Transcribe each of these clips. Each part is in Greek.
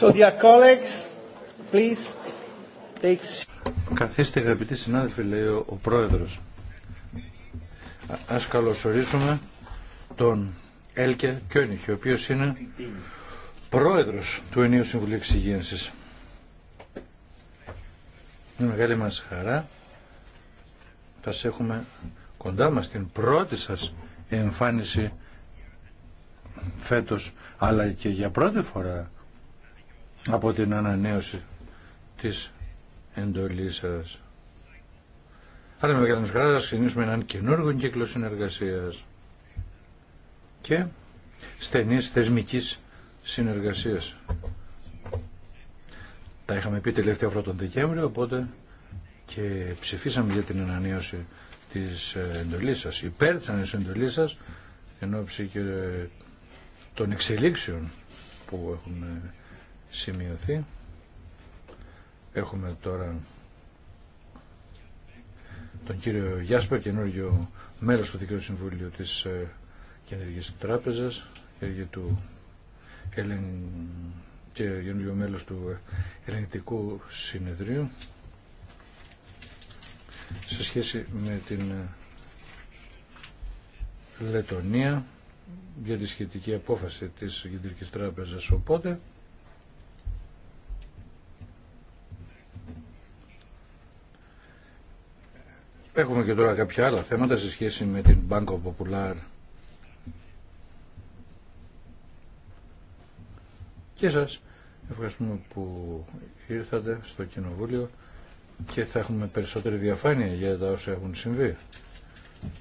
So dear colleagues, please Καθίστε αγαπητοί συνάδελφοι, λέει ο πρόεδρος. Ας καλωσορίσουμε τον Έλκε Κιόνιχ, ο οποίος είναι πρόεδρος του Ενίου Συμβουλίου Εξυγένσης. Είναι μεγάλη μας χαρά. Θα σε έχουμε κοντά μας την πρώτη σας εμφάνιση φέτος, αλλά και για πρώτη φορά από την ανανέωση της εντολής σας. Άρα με μεγάλη χαρά σας ξεκινήσουμε έναν καινούργιο κύκλο συνεργασίας και στενής θεσμικής συνεργασίας. Τα είχαμε πει τελευταία φορά τον Δεκέμβριο, οπότε και ψηφίσαμε για την ανανέωση της εντολής σας, υπέρ της ανανέωσης εντολής σας, ενώ ώψη και των εξελίξεων που έχουν σημειωθεί. Έχουμε τώρα τον κύριο Γιάσπερ, καινούργιο μέλος του Δικαίου Συμβουλίου της ε, Κεντρικής Τράπεζας και του και μέλος του Ελεγκτικού Συνεδρίου σε σχέση με την ε, Λετωνία για τη σχετική απόφαση της Κεντρικής Τράπεζας οπότε Έχουμε και τώρα κάποια άλλα θέματα σε σχέση με την Banco Popular. Και σας ευχαριστούμε που ήρθατε στο Κοινοβούλιο και θα έχουμε περισσότερη διαφάνεια για τα όσα έχουν συμβεί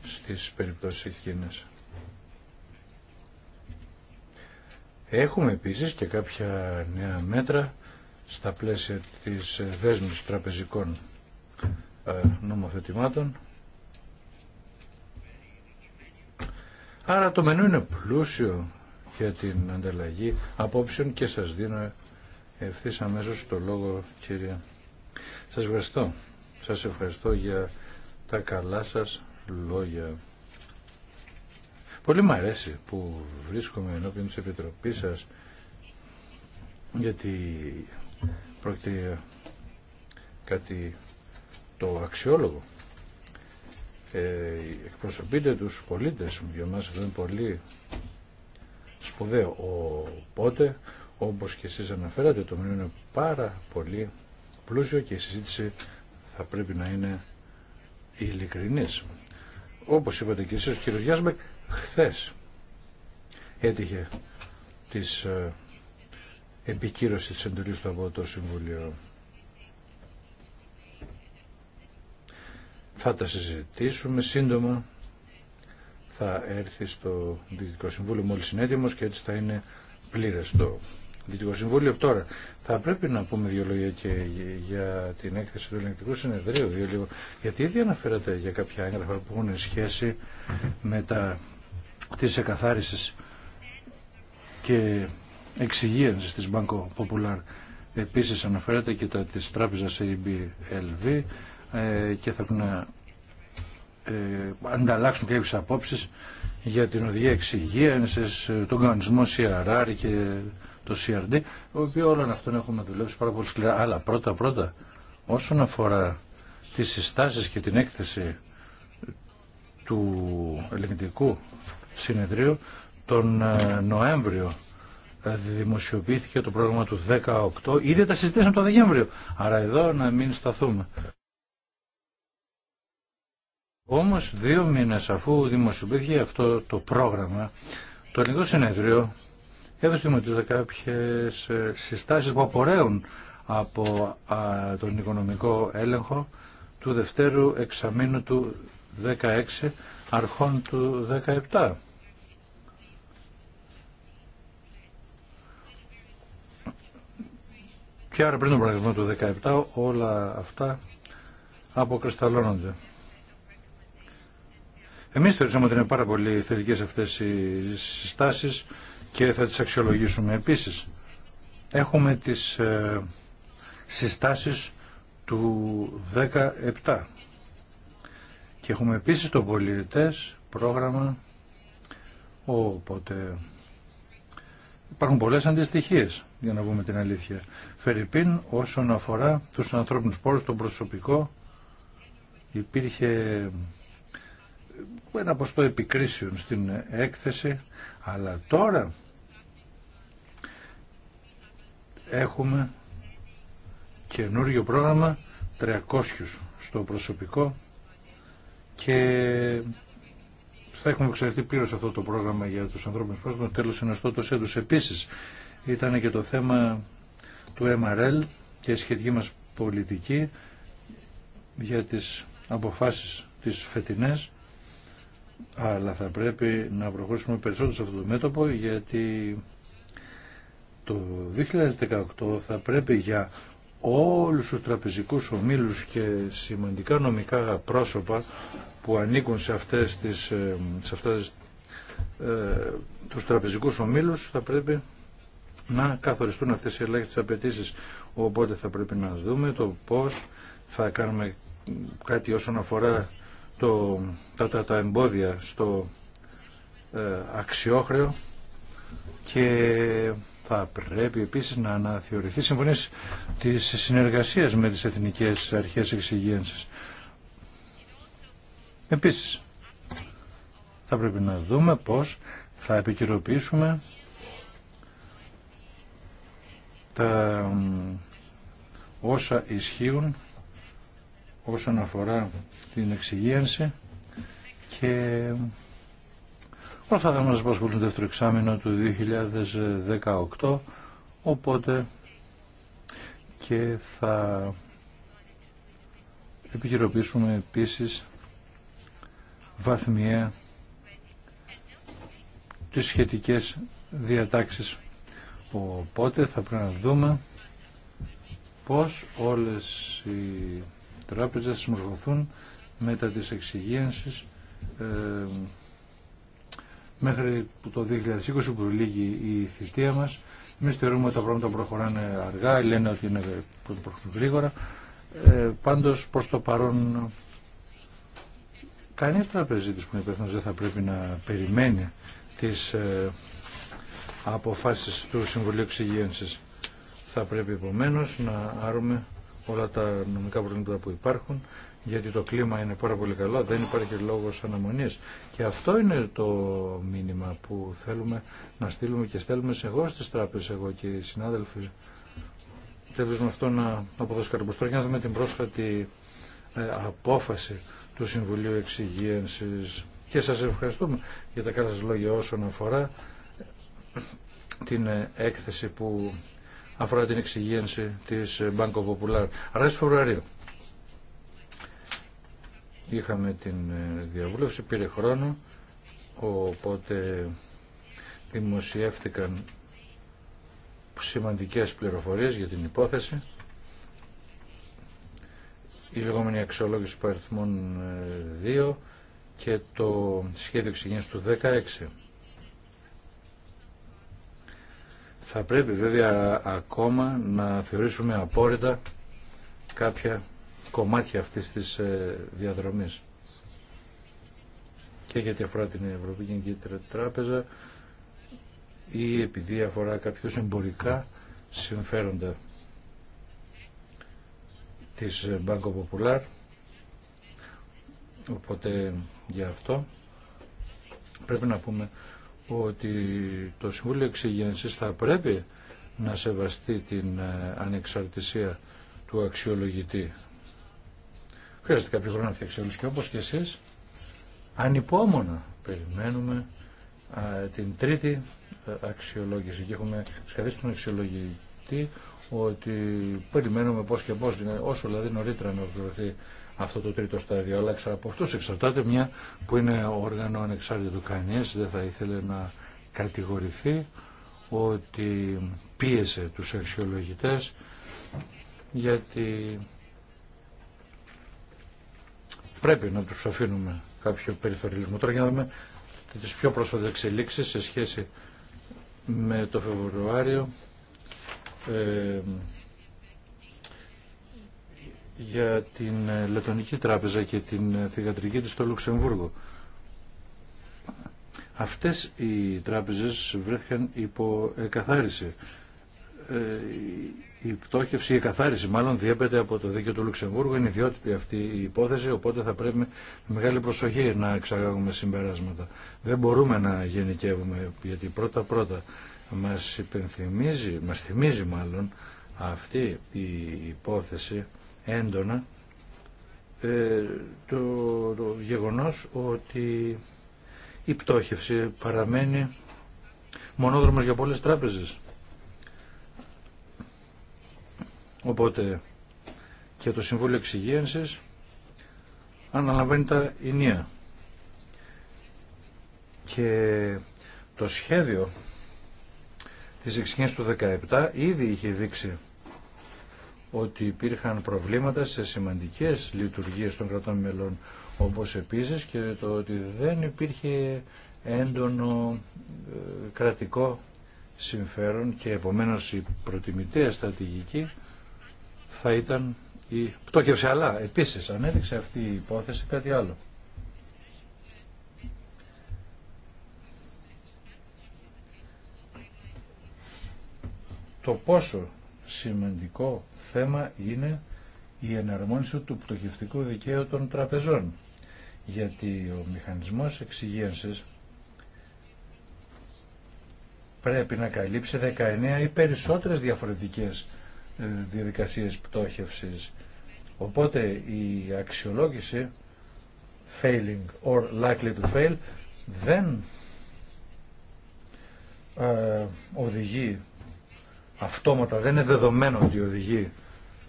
στις περιπτώσεις εκείνες. Έχουμε επίσης και κάποια νέα μέτρα στα πλαίσια της δέσμης τραπεζικών ε, νομοθετημάτων. Άρα το μενού είναι πλούσιο για την ανταλλαγή απόψεων και σας δίνω ευθύς αμέσως το λόγο κύριε. Σας ευχαριστώ. Σας ευχαριστώ για τα καλά σας λόγια. Πολύ μου αρέσει που βρίσκομαι ενώπιον της Επιτροπής σας γιατί πρόκειται κάτι το αξιόλογο. Ε, εκπροσωπείτε τους πολίτες για μας εδώ είναι πολύ σπουδαίο. Οπότε, όπως και εσείς αναφέρατε, το μήνυμα είναι πάρα πολύ πλούσιο και η συζήτηση θα πρέπει να είναι ειλικρινής. Όπως είπατε και εσείς, ο κύριος Γιάσμπεκ, χθες έτυχε της ε, επικύρωση της εντολής του από το Συμβούλιο. Θα τα συζητήσουμε σύντομα. Θα έρθει στο Διοικητικό Συμβούλιο μόλις είναι έτοιμος και έτσι θα είναι πλήρες το Διοικητικό Συμβούλιο. Τώρα, θα πρέπει να πούμε δύο λόγια και για την έκθεση του Ελληνικού Συνεδρίου, δύο γιατί ήδη αναφέρατε για κάποια έγγραφα που έχουν σχέση με τα της εκαθάρισης και εξυγίανσης της Banco Popular. Επίσης αναφέρατε και τα της τράπεζας ABLV ε, και θα έχουν να ε, ε, ανταλλάξουν κάποιες απόψεις για την οδηγία εξυγίανσης, τον κανονισμό CRR και το CRD, ο οποίο όλων αυτών έχουμε δουλέψει πάρα πολύ σκληρά. Αλλά πρώτα-πρώτα, όσον αφορά τις συστάσεις και την έκθεση του ελεγκτικού συνεδρίου, τον Νοέμβριο δημοσιοποιήθηκε το πρόγραμμα του 18, ήδη τα συζητήσαμε το Δεκέμβριο. Άρα εδώ να μην σταθούμε. Όμως δύο μήνες αφού δημοσιοποιήθηκε αυτό το πρόγραμμα, το ελληνικό συνεδρίο έδωσε στη κάποιες ε, συστάσεις που απορρέουν από τον οικονομικό έλεγχο του δευτέρου εξαμήνου του 16 αρχών του 17. Και άρα πριν τον πραγματισμό του 17 όλα αυτά αποκρισταλώνονται. Εμεί θεωρήσαμε ότι είναι πάρα πολύ θετικές αυτές οι συστάσεις και θα τις αξιολογήσουμε επίσης. Έχουμε τις ε, συστάσεις του 17 και έχουμε επίσης το πολιτέ, πρόγραμμα οπότε υπάρχουν πολλές αντιστοιχίες για να πούμε την αλήθεια Φερρυπίν όσον αφορά τους ανθρώπινους πόρους, τον προσωπικό υπήρχε ένα ποστό επικρίσεων στην έκθεση, αλλά τώρα έχουμε καινούριο πρόγραμμα 300 στο προσωπικό και θα έχουμε εξαρτηθεί πλήρως αυτό το πρόγραμμα για τους ανθρώπινους το Τέλος το τους επίσης ήταν και το θέμα του MRL και σχετική μας πολιτική για τις αποφάσεις τις φετινές αλλά θα πρέπει να προχωρήσουμε περισσότερο σε αυτό το μέτωπο γιατί το 2018 θα πρέπει για όλους τους τραπεζικούς ομίλους και σημαντικά νομικά πρόσωπα που ανήκουν σε, αυτές τις, ε, σε αυτές, ε, τους τραπεζικούς ομίλους θα πρέπει να καθοριστούν αυτές οι ελάχιστες απαιτήσεις. Οπότε θα πρέπει να δούμε το πώς θα κάνουμε κάτι όσον αφορά το, τα, τα, τα εμπόδια στο ε, αξιόχρεο και θα πρέπει επίσης να αναθεωρηθεί συμφωνίες της συνεργασίας με τις Εθνικές Αρχές Εξυγίανσης. Επίσης, θα πρέπει να δούμε πώς θα επικαιροποιήσουμε τα όσα ισχύουν όσον αφορά την εξυγίανση και όλα αυτά θα μας απασχολούν στο δεύτερο εξάμεινο του 2018 οπότε και θα επικοιροποιήσουμε επίσης βαθμιαία τις σχετικές διατάξεις. Οπότε θα πρέπει να δούμε πώς όλες οι τράπεζα συμμορφωθούν μετά τις εξυγίανσεις ε, μέχρι το 2020 που λύγει η θητεία μας. εμεί θεωρούμε ότι τα πράγματα προχωράνε αργά, λένε ότι είναι γρήγορα. Ε, πάντως προς το παρόν κανείς τραπεζίτης που είναι υπεύθυνος δεν θα πρέπει να περιμένει τις ε, αποφάσεις του Συμβουλίου Εξυγένσης. Θα πρέπει επομένω να άρουμε όλα τα νομικά προβλήματα που υπάρχουν, γιατί το κλίμα είναι πάρα πολύ καλό, δεν υπάρχει λόγος αναμονής. Και αυτό είναι το μήνυμα που θέλουμε να στείλουμε και στέλνουμε σε εγώ στις τράπεζες, εγώ και οι συνάδελφοι. Θέλουμε αυτό να αποδοσκαρπιστώ Τώρα και να δούμε την πρόσφατη ε, απόφαση του Συμβουλίου Εξυγίανσης και σας ευχαριστούμε για τα καλά σας λόγια όσον αφορά την ε, έκθεση που αφορά την εξυγίανση της ε, Banco Popular. Αρχές Φεβρουαρίου είχαμε την ε, διαβούλευση, πήρε χρόνο, οπότε δημοσιεύτηκαν σημαντικές πληροφορίες για την υπόθεση. Η λεγόμενη αξιολόγηση του 2 ε, και το σχέδιο εξυγένσης του 16. Θα πρέπει βέβαια ακόμα να θεωρήσουμε απόρριτα κάποια κομμάτια αυτής της ε, διαδρομής. Και γιατί αφορά την Ευρωπαϊκή Κίτρα Τράπεζα ή επειδή αφορά κάποιους εμπορικά συμφέροντα της ε, Banco Popular. Οπότε για αυτό πρέπει να πούμε ότι το Συμβούλιο Εξηγένσης θα πρέπει να σεβαστεί την ε, ανεξαρτησία του αξιολογητή. Χρειάζεται κάποιο χρόνο φτιάξει όλους και όπως και εσείς ανυπόμονα περιμένουμε την τρίτη ε, αξιολόγηση και έχουμε σχεδίσει τον αξιολογητή ότι περιμένουμε πώς και πώς, ε, όσο δηλαδή νωρίτερα να ολοκληρωθεί αυτό το τρίτο στάδιο, αλλά από αυτούς εξαρτάται μια που είναι όργανο ανεξάρτητο κανείς, δεν θα ήθελε να κατηγορηθεί ότι πίεσε τους αξιολογητές γιατί πρέπει να τους αφήνουμε κάποιο περιθωρισμό. Τώρα για να δούμε τις πιο πρόσφατες εξελίξεις σε σχέση με το Φεβρουάριο ε, για την ε, Λετωνική Τράπεζα και την ε, θηγατρική της στο Λουξεμβούργο. Αυτές οι τράπεζες βρέθηκαν υπό εκαθάριση. Ε, η πτώχευση, η εκαθάριση μάλλον διέπεται από το δίκαιο του Λουξεμβούργου, είναι ιδιότυπη αυτή η υπόθεση, οπότε θα πρέπει με μεγάλη προσοχή να εξαγάγουμε συμπεράσματα. Δεν μπορούμε να γενικεύουμε, γιατί πρώτα-πρώτα μας υπενθυμίζει, μας θυμίζει μάλλον αυτή η υπόθεση έντονα ε, το, το γεγονός ότι η πτώχευση παραμένει μονόδρομος για πολλές τράπεζες. Οπότε και το Συμβούλιο Εξυγίανσης αναλαμβάνει τα ενία. Και το σχέδιο της εξυγίανσης του 2017 ήδη είχε δείξει ότι υπήρχαν προβλήματα σε σημαντικές λειτουργίες των κρατών μελών, όπως επίσης και το ότι δεν υπήρχε έντονο ε, κρατικό συμφέρον και επομένως η προτιμητέα στρατηγική θα ήταν η πτώκευση. Αλλά επίσης ανέδειξε αυτή η υπόθεση κάτι άλλο. Το πόσο σημαντικό θέμα είναι η εναρμόνιση του πτωχευτικού δικαίου των τραπεζών. Γιατί ο μηχανισμός εξυγίανσης πρέπει να καλύψει 19 ή περισσότερες διαφορετικές ε, διαδικασίες πτώχευσης. Οπότε η αξιολόγηση failing or likely to fail δεν ε, οδηγεί αυτόματα, δεν είναι δεδομένο ότι οδηγεί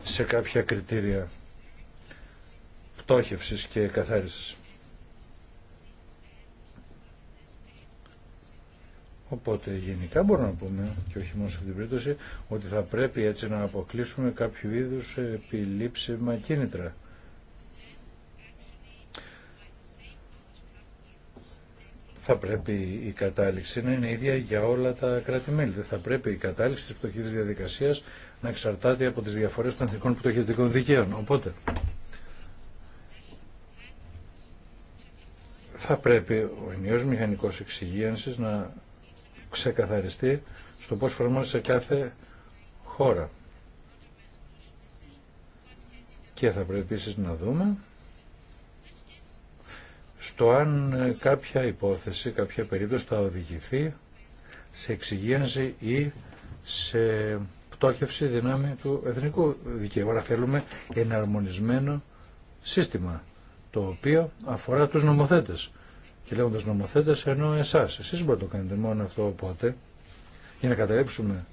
σε κάποια κριτήρια πτώχευσης και καθάρισης. Οπότε γενικά μπορούμε να πούμε, και όχι μόνο σε αυτήν την περίπτωση, ότι θα πρέπει έτσι να αποκλείσουμε κάποιο είδους επιλήψιμα κίνητρα. θα πρέπει η κατάληξη να είναι ίδια για όλα τα κράτη-μέλη. Δεν θα πρέπει η κατάληξη της πτωχής διαδικασίας να εξαρτάται από τις διαφορές των εθνικών πτωχευτικών δικαίων. Οπότε, θα πρέπει ο ενιαίος μηχανικός εξυγίανσης να ξεκαθαριστεί στο πώς εφαρμόζεται σε κάθε χώρα. Και θα πρέπει επίσης να δούμε στο αν ε, κάποια υπόθεση, κάποια περίπτωση θα οδηγηθεί σε εξυγένση ή σε πτώχευση δυνάμει του εθνικού δικαίου. Άρα θέλουμε εναρμονισμένο σύστημα το οποίο αφορά τους νομοθέτες. Και λέγοντας νομοθέτες ενώ εσάς. Εσείς μπορείτε να το κάνετε μόνο αυτό οπότε για να καταλήψουμε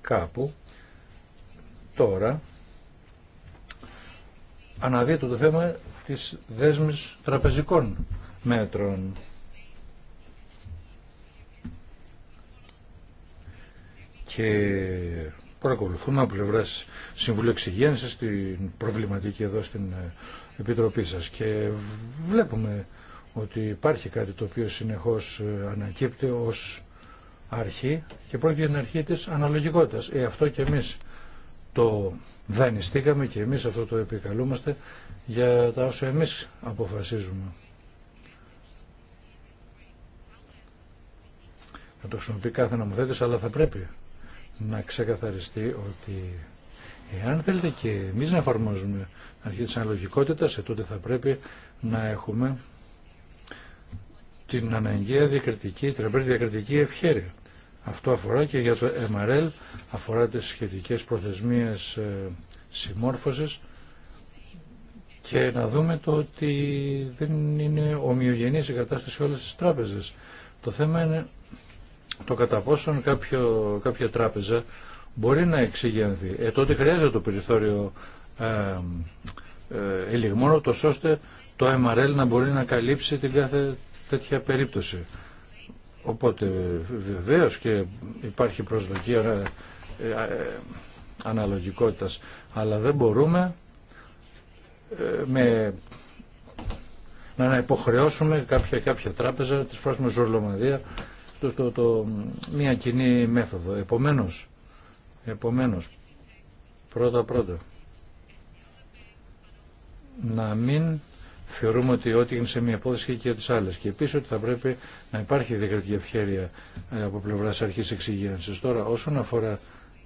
κάπου τώρα αναδείτε το θέμα της δέσμης τραπεζικών μέτρων. Και παρακολουθούμε από πλευρά Συμβουλίου Εξυγένση την προβληματική εδώ στην ε, Επιτροπή σας και βλέπουμε ότι υπάρχει κάτι το οποίο συνεχώς ε, ανακύπτει ως αρχή και πρόκειται την αρχή της αναλογικότητας. Ε, αυτό και εμείς το δανειστήκαμε και εμείς αυτό το επικαλούμαστε για τα όσο εμείς αποφασίζουμε. Θα το χρησιμοποιεί κάθε νομοθέτης, αλλά θα πρέπει να ξεκαθαριστεί ότι εάν θέλετε και εμείς να εφαρμόζουμε αρχή της αναλογικότητας, ε, τότε θα πρέπει να έχουμε την αναγκαία διακριτική, τραπέζη διακριτική ευχέρεια. Αυτό αφορά και για το MRL, αφορά τις σχετικές προθεσμίες ε, συμμόρφωσης και να δούμε το ότι δεν είναι ομοιογενής η κατάσταση σε όλες τις τράπεζες. Το θέμα είναι το κατά πόσον κάποια τράπεζα μπορεί να εξηγενθεί. Ε, τότε χρειάζεται το περιθώριο ε, ε, ελιγμόνο, ώστε το MRL να μπορεί να καλύψει την κάθε τέτοια περίπτωση. Οπότε βεβαίω και υπάρχει προσδοκία ε, ε, ε, αναλογικότητας, αλλά δεν μπορούμε ε, με, να υποχρεώσουμε κάποια, κάποια τράπεζα της φράσουμε Ζουρλομαδία το, το, το, μια κοινή μέθοδο. Επομένως, επομένως πρώτα πρώτα να μην θεωρούμε ότι ό,τι είναι σε μία υπόθεση και για τις άλλες και επίσης ότι θα πρέπει να υπάρχει διακριτική ευχέρεια ε, από πλευράς αρχής εξυγένσης. Τώρα όσον αφορά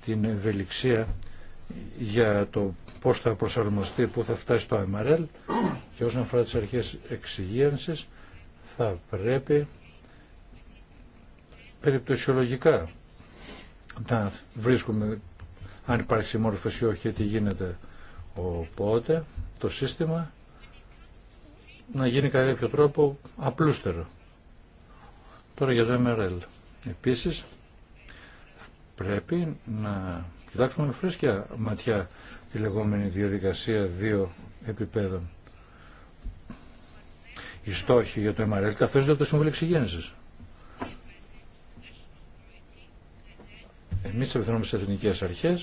την ευελιξία για το πώς θα προσαρμοστεί, πού θα φτάσει το MRL και όσον αφορά τις αρχές εξυγίανσης θα πρέπει περιπτωσιολογικά να βρίσκουμε αν υπάρχει συμμόρφωση ή όχι τι γίνεται οπότε το σύστημα να γίνει κατά κάποιο τρόπο απλούστερο τώρα για το MRL επίσης πρέπει να κοιτάξουμε με φρέσκια ματιά τη λεγόμενη διαδικασία δύο επιπέδων. Οι στόχοι για το MRL καθορίζονται από το Συμβούλιο Εξυγέννηση. Εμεί απευθυνόμαστε σε εθνικέ αρχέ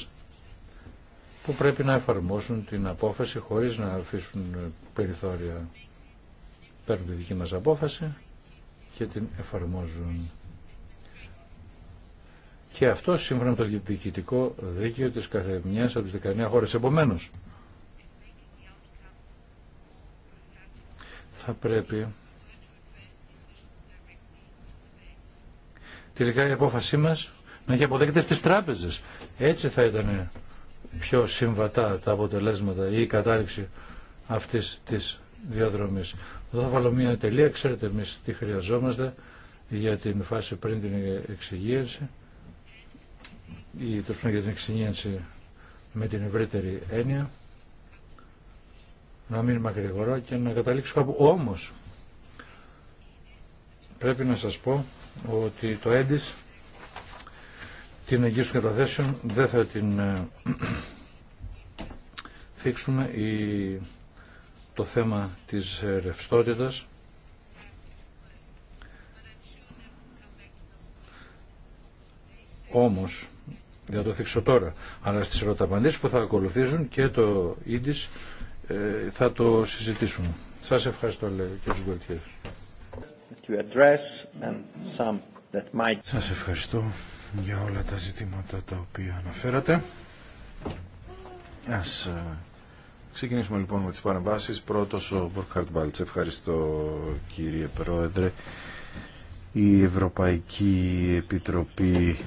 που πρέπει να εφαρμόσουν την απόφαση χωρίς να αφήσουν περιθώρια. Παίρνουν τη δική μας απόφαση και την εφαρμόζουν. Και αυτό σύμφωνα με το διοικητικό δίκαιο της καθεμιάς από τις 19 χώρες. Επομένως, θα πρέπει τελικά η απόφασή μας να έχει αποδέκεται στις τράπεζες. Έτσι θα ήταν πιο συμβατά τα αποτελέσματα ή η κατάρριξη αυτής της διαδρομής. Εδώ θα βάλω μια τελεία, ξέρετε εμείς τι χρειαζόμαστε για την φάση πριν την εξυγίαση η τόσο για την εξυγίανση με την ευρύτερη έννοια να μην μακρηγορώ και να καταλήξω κάπου. Όμως πρέπει να σας πω ότι το έντις την εγγύηση των καταθέσεων δεν θα την ε, θίξουμε η, το θέμα της ρευστότητα. Όμως δεν θα το θίξω τώρα. Αλλά στις ερωταπαντήσεις που θα ακολουθήσουν και το ίντις ε, θα το συζητήσουμε. Σας ευχαριστώ, λέει Σας ευχαριστώ για όλα τα ζητήματα τα οποία αναφέρατε. Ας ε, ξεκινήσουμε λοιπόν με τις παρεμβάσεις. Πρώτος ο Μπορκάρτ Μπάλτς. Ευχαριστώ κύριε Πρόεδρε. Η Ευρωπαϊκή Επιτροπή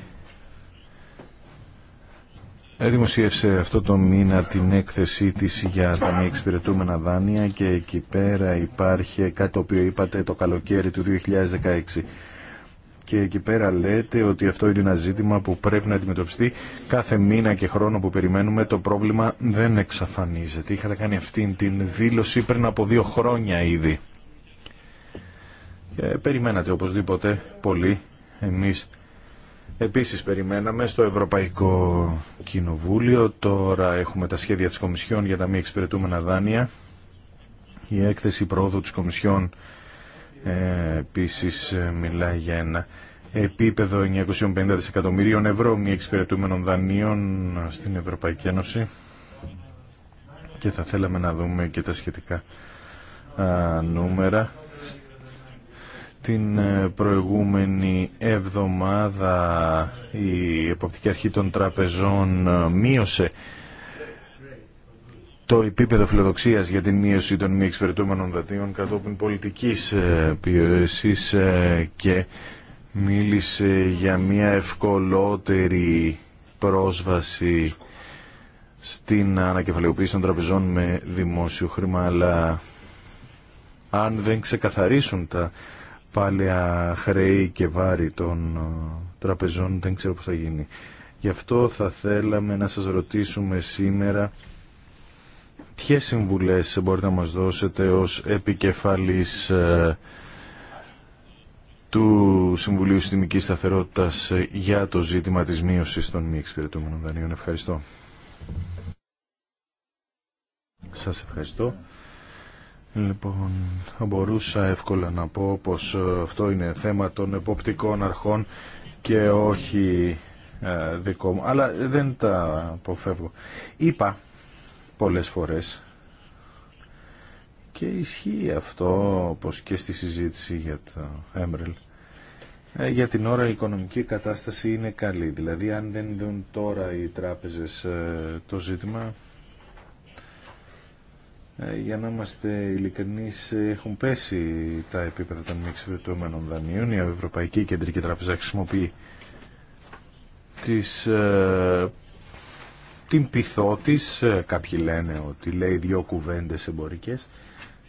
δημοσίευσε αυτό το μήνα την έκθεσή της για τα μη εξυπηρετούμενα δάνεια και εκεί πέρα υπάρχει κάτι το οποίο είπατε το καλοκαίρι του 2016 και εκεί πέρα λέτε ότι αυτό είναι ένα ζήτημα που πρέπει να αντιμετωπιστεί κάθε μήνα και χρόνο που περιμένουμε το πρόβλημα δεν εξαφανίζεται είχατε κάνει αυτή την δήλωση πριν από δύο χρόνια ήδη και περιμένατε οπωσδήποτε πολύ εμείς Επίσης περιμέναμε στο Ευρωπαϊκό Κοινοβούλιο, τώρα έχουμε τα σχέδια της Κομισιόν για τα μη εξυπηρετούμενα δάνεια. Η έκθεση πρόοδου της Κομισιόν ε, επίσης ε, μιλάει για ένα επίπεδο 950 δισεκατομμυρίων ευρώ μη εξυπηρετούμενων δανείων στην Ευρωπαϊκή Ένωση και θα θέλαμε να δούμε και τα σχετικά νούμερα την ε, προηγούμενη εβδομάδα η Εποπτική Αρχή των Τραπεζών ε, μείωσε το επίπεδο φιλοδοξίας για την μείωση των μη εξυπηρετούμενων δατείων κατόπιν πολιτικής ε, πίεσης και μίλησε για μια ευκολότερη πρόσβαση στην ανακεφαλαιοποίηση των τραπεζών με δημόσιο χρήμα, αλλά αν δεν ξεκαθαρίσουν τα πάλια χρέη και βάρη των ε, τραπεζών, δεν ξέρω πώς θα γίνει. Γι' αυτό θα θέλαμε να σας ρωτήσουμε σήμερα ποιες συμβουλές μπορείτε να μας δώσετε ως επικεφαλής ε, του Συμβουλίου Συντημικής Σταθερότητας για το ζήτημα της μείωσης των μη εξυπηρετούμενων δανείων. Ευχαριστώ. Σας ευχαριστώ. Λοιπόν, θα μπορούσα εύκολα να πω πως ε, αυτό είναι θέμα των εποπτικών αρχών και όχι ε, δικό μου, αλλά δεν τα αποφεύγω. Είπα πολλές φορές και ισχύει αυτό όπως και στη συζήτηση για το Έμπρελ. Ε, για την ώρα η οικονομική κατάσταση είναι καλή, δηλαδή αν δεν δουν τώρα οι τράπεζες το ζήτημα ε, για να είμαστε ειλικρινεί, έχουν πέσει τα επίπεδα των μη εξυπηρετούμενων δανείων. Η Ευρωπαϊκή Κεντρική Τράπεζα χρησιμοποιεί ε, την πυθό τη, ε, κάποιοι λένε ότι λέει δύο κουβέντες εμπορικές,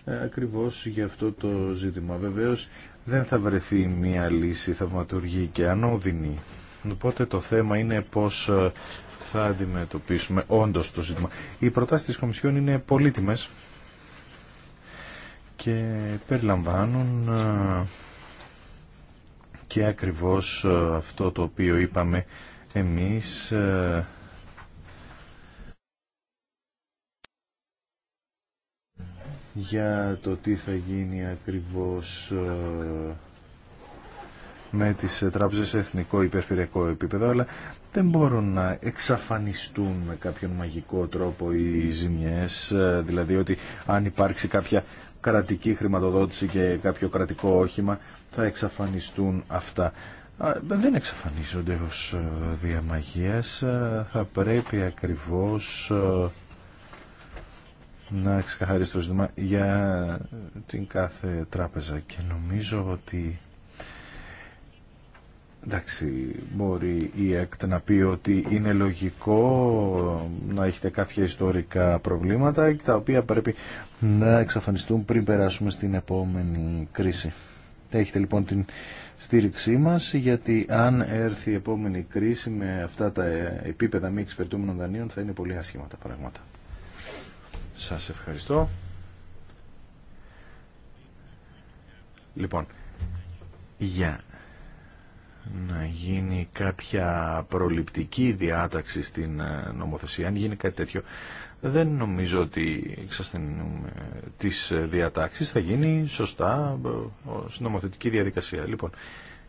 ε, ακριβώς για αυτό το ζήτημα. Βεβαίως δεν θα βρεθεί μια λύση θαυματουργή και ανώδυνη. Οπότε το θέμα είναι πώς θα αντιμετωπίσουμε όντω το ζήτημα. Οι προτάσει τη Κομισιόν είναι πολύτιμε και περιλαμβάνουν ε, και ακριβώς ε, αυτό το οποίο είπαμε εμείς ε, για το τι θα γίνει ακριβώς με τις τράπεζες σε εθνικό υπερφυριακό επίπεδο αλλά δεν μπορούν να εξαφανιστούν με κάποιον μαγικό τρόπο οι ζημιές, ε, δηλαδή ότι αν υπάρξει κάποια κρατική χρηματοδότηση και κάποιο κρατικό όχημα θα εξαφανιστούν αυτά. Δεν εξαφανίζονται ως ε, διαμαγείας, ε, θα πρέπει ακριβώς να ξεχαρίσει το ζήτημα για την κάθε τράπεζα και νομίζω ότι Εντάξει, μπορεί η ΕΚΤ να πει ότι είναι λογικό να έχετε κάποια ιστορικά προβλήματα τα οποία πρέπει να εξαφανιστούν πριν περάσουμε στην επόμενη κρίση. Έχετε λοιπόν την στήριξή μας γιατί αν έρθει η επόμενη κρίση με αυτά τα επίπεδα μη εξυπηρετούμενων δανείων θα είναι πολύ άσχημα τα πράγματα. Σας ευχαριστώ. Λοιπόν, για να γίνει κάποια προληπτική διάταξη στην ε, νομοθεσία, αν γίνει κάτι τέτοιο, δεν νομίζω ότι εξασθενούμε τις ε, διατάξεις, θα γίνει σωστά στην νομοθετική διαδικασία. Λοιπόν,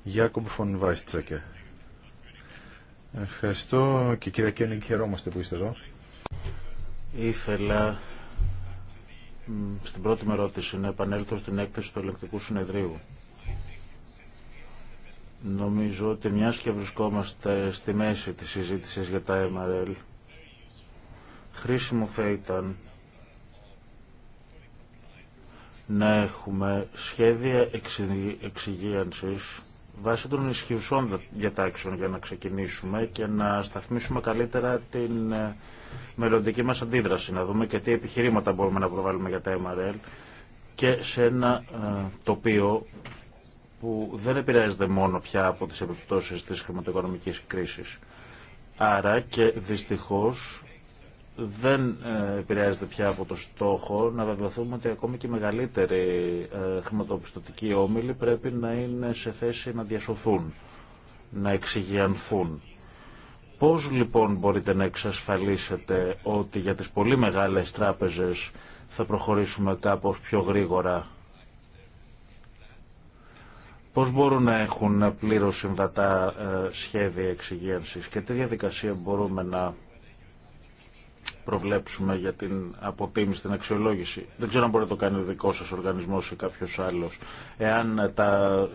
Γιάκομπ Φων Βάιστσακε. Ευχαριστώ και κύριε Κένικ, χαιρόμαστε που είστε εδώ. Ήθελα στην πρώτη με ερώτηση να επανέλθω στην έκθεση του ελεκτικού συνεδρίου Νομίζω ότι μιας και βρισκόμαστε στη μέση της συζήτησης για τα MRL, χρήσιμο θα ήταν να έχουμε σχέδια εξυγίανσης βάσει των ισχυουσών διατάξεων για να ξεκινήσουμε και να σταθμίσουμε καλύτερα την ε, μελλοντική μας αντίδραση, να δούμε και τι επιχειρήματα μπορούμε να προβάλλουμε για τα MRL και σε ένα ε, τοπίο που δεν επηρεάζεται μόνο πια από τις επιπτώσεις της χρηματοοικονομικής κρίσης. Άρα και δυστυχώς δεν ε, επηρεάζεται πια από το στόχο να βεβαιωθούμε ότι ακόμη και οι μεγαλύτεροι ε, χρηματοπιστωτικοί όμιλοι πρέπει να είναι σε θέση να διασωθούν, να εξηγιανθούν. Πώς λοιπόν μπορείτε να εξασφαλίσετε ότι για τις πολύ μεγάλες τράπεζες θα προχωρήσουμε κάπως πιο γρήγορα Πώς μπορούν να έχουν πλήρως συμβατά ε, σχέδια εξυγένσης και τι διαδικασία μπορούμε να προβλέψουμε για την αποτίμηση, την αξιολόγηση. Δεν ξέρω αν μπορεί να το κάνει ο δικό σας οργανισμός ή κάποιος άλλος. Εάν τα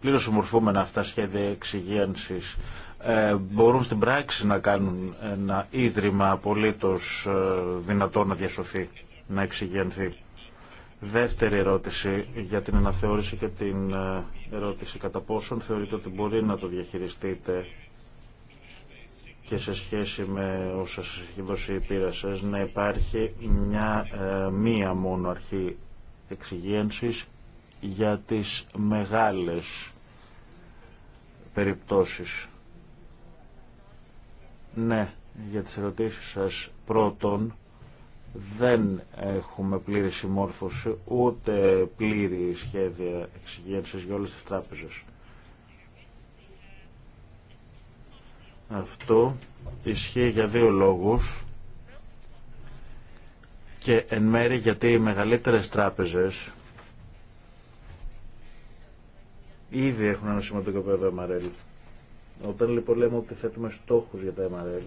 πλήρως συμμορφούμενα αυτά σχέδια εξυγένσης ε, μπορούν στην πράξη να κάνουν ένα ίδρυμα απολύτως ε, δυνατό να διασωθεί, να εξυγενθεί. Δεύτερη ερώτηση για την αναθεώρηση και την ε, ερώτηση κατά πόσον θεωρείτε ότι μπορεί να το διαχειριστείτε και σε σχέση με όσα σας έχει δώσει η πείρα σας, να υπάρχει μια ε, μία μόνο αρχή εξυγένσης για τις μεγάλες περιπτώσεις. Ναι, για τις ερωτήσεις σας πρώτον, δεν έχουμε πλήρη συμμόρφωση ούτε πλήρη σχέδια εξυγένσης για όλες τις τράπεζες. Αυτό ισχύει για δύο λόγους και εν μέρη γιατί οι μεγαλύτερες τράπεζες ήδη έχουν ένα σημαντικό επίπεδο MRL. Όταν λοιπόν λέμε ότι θέτουμε στόχους για τα MRL,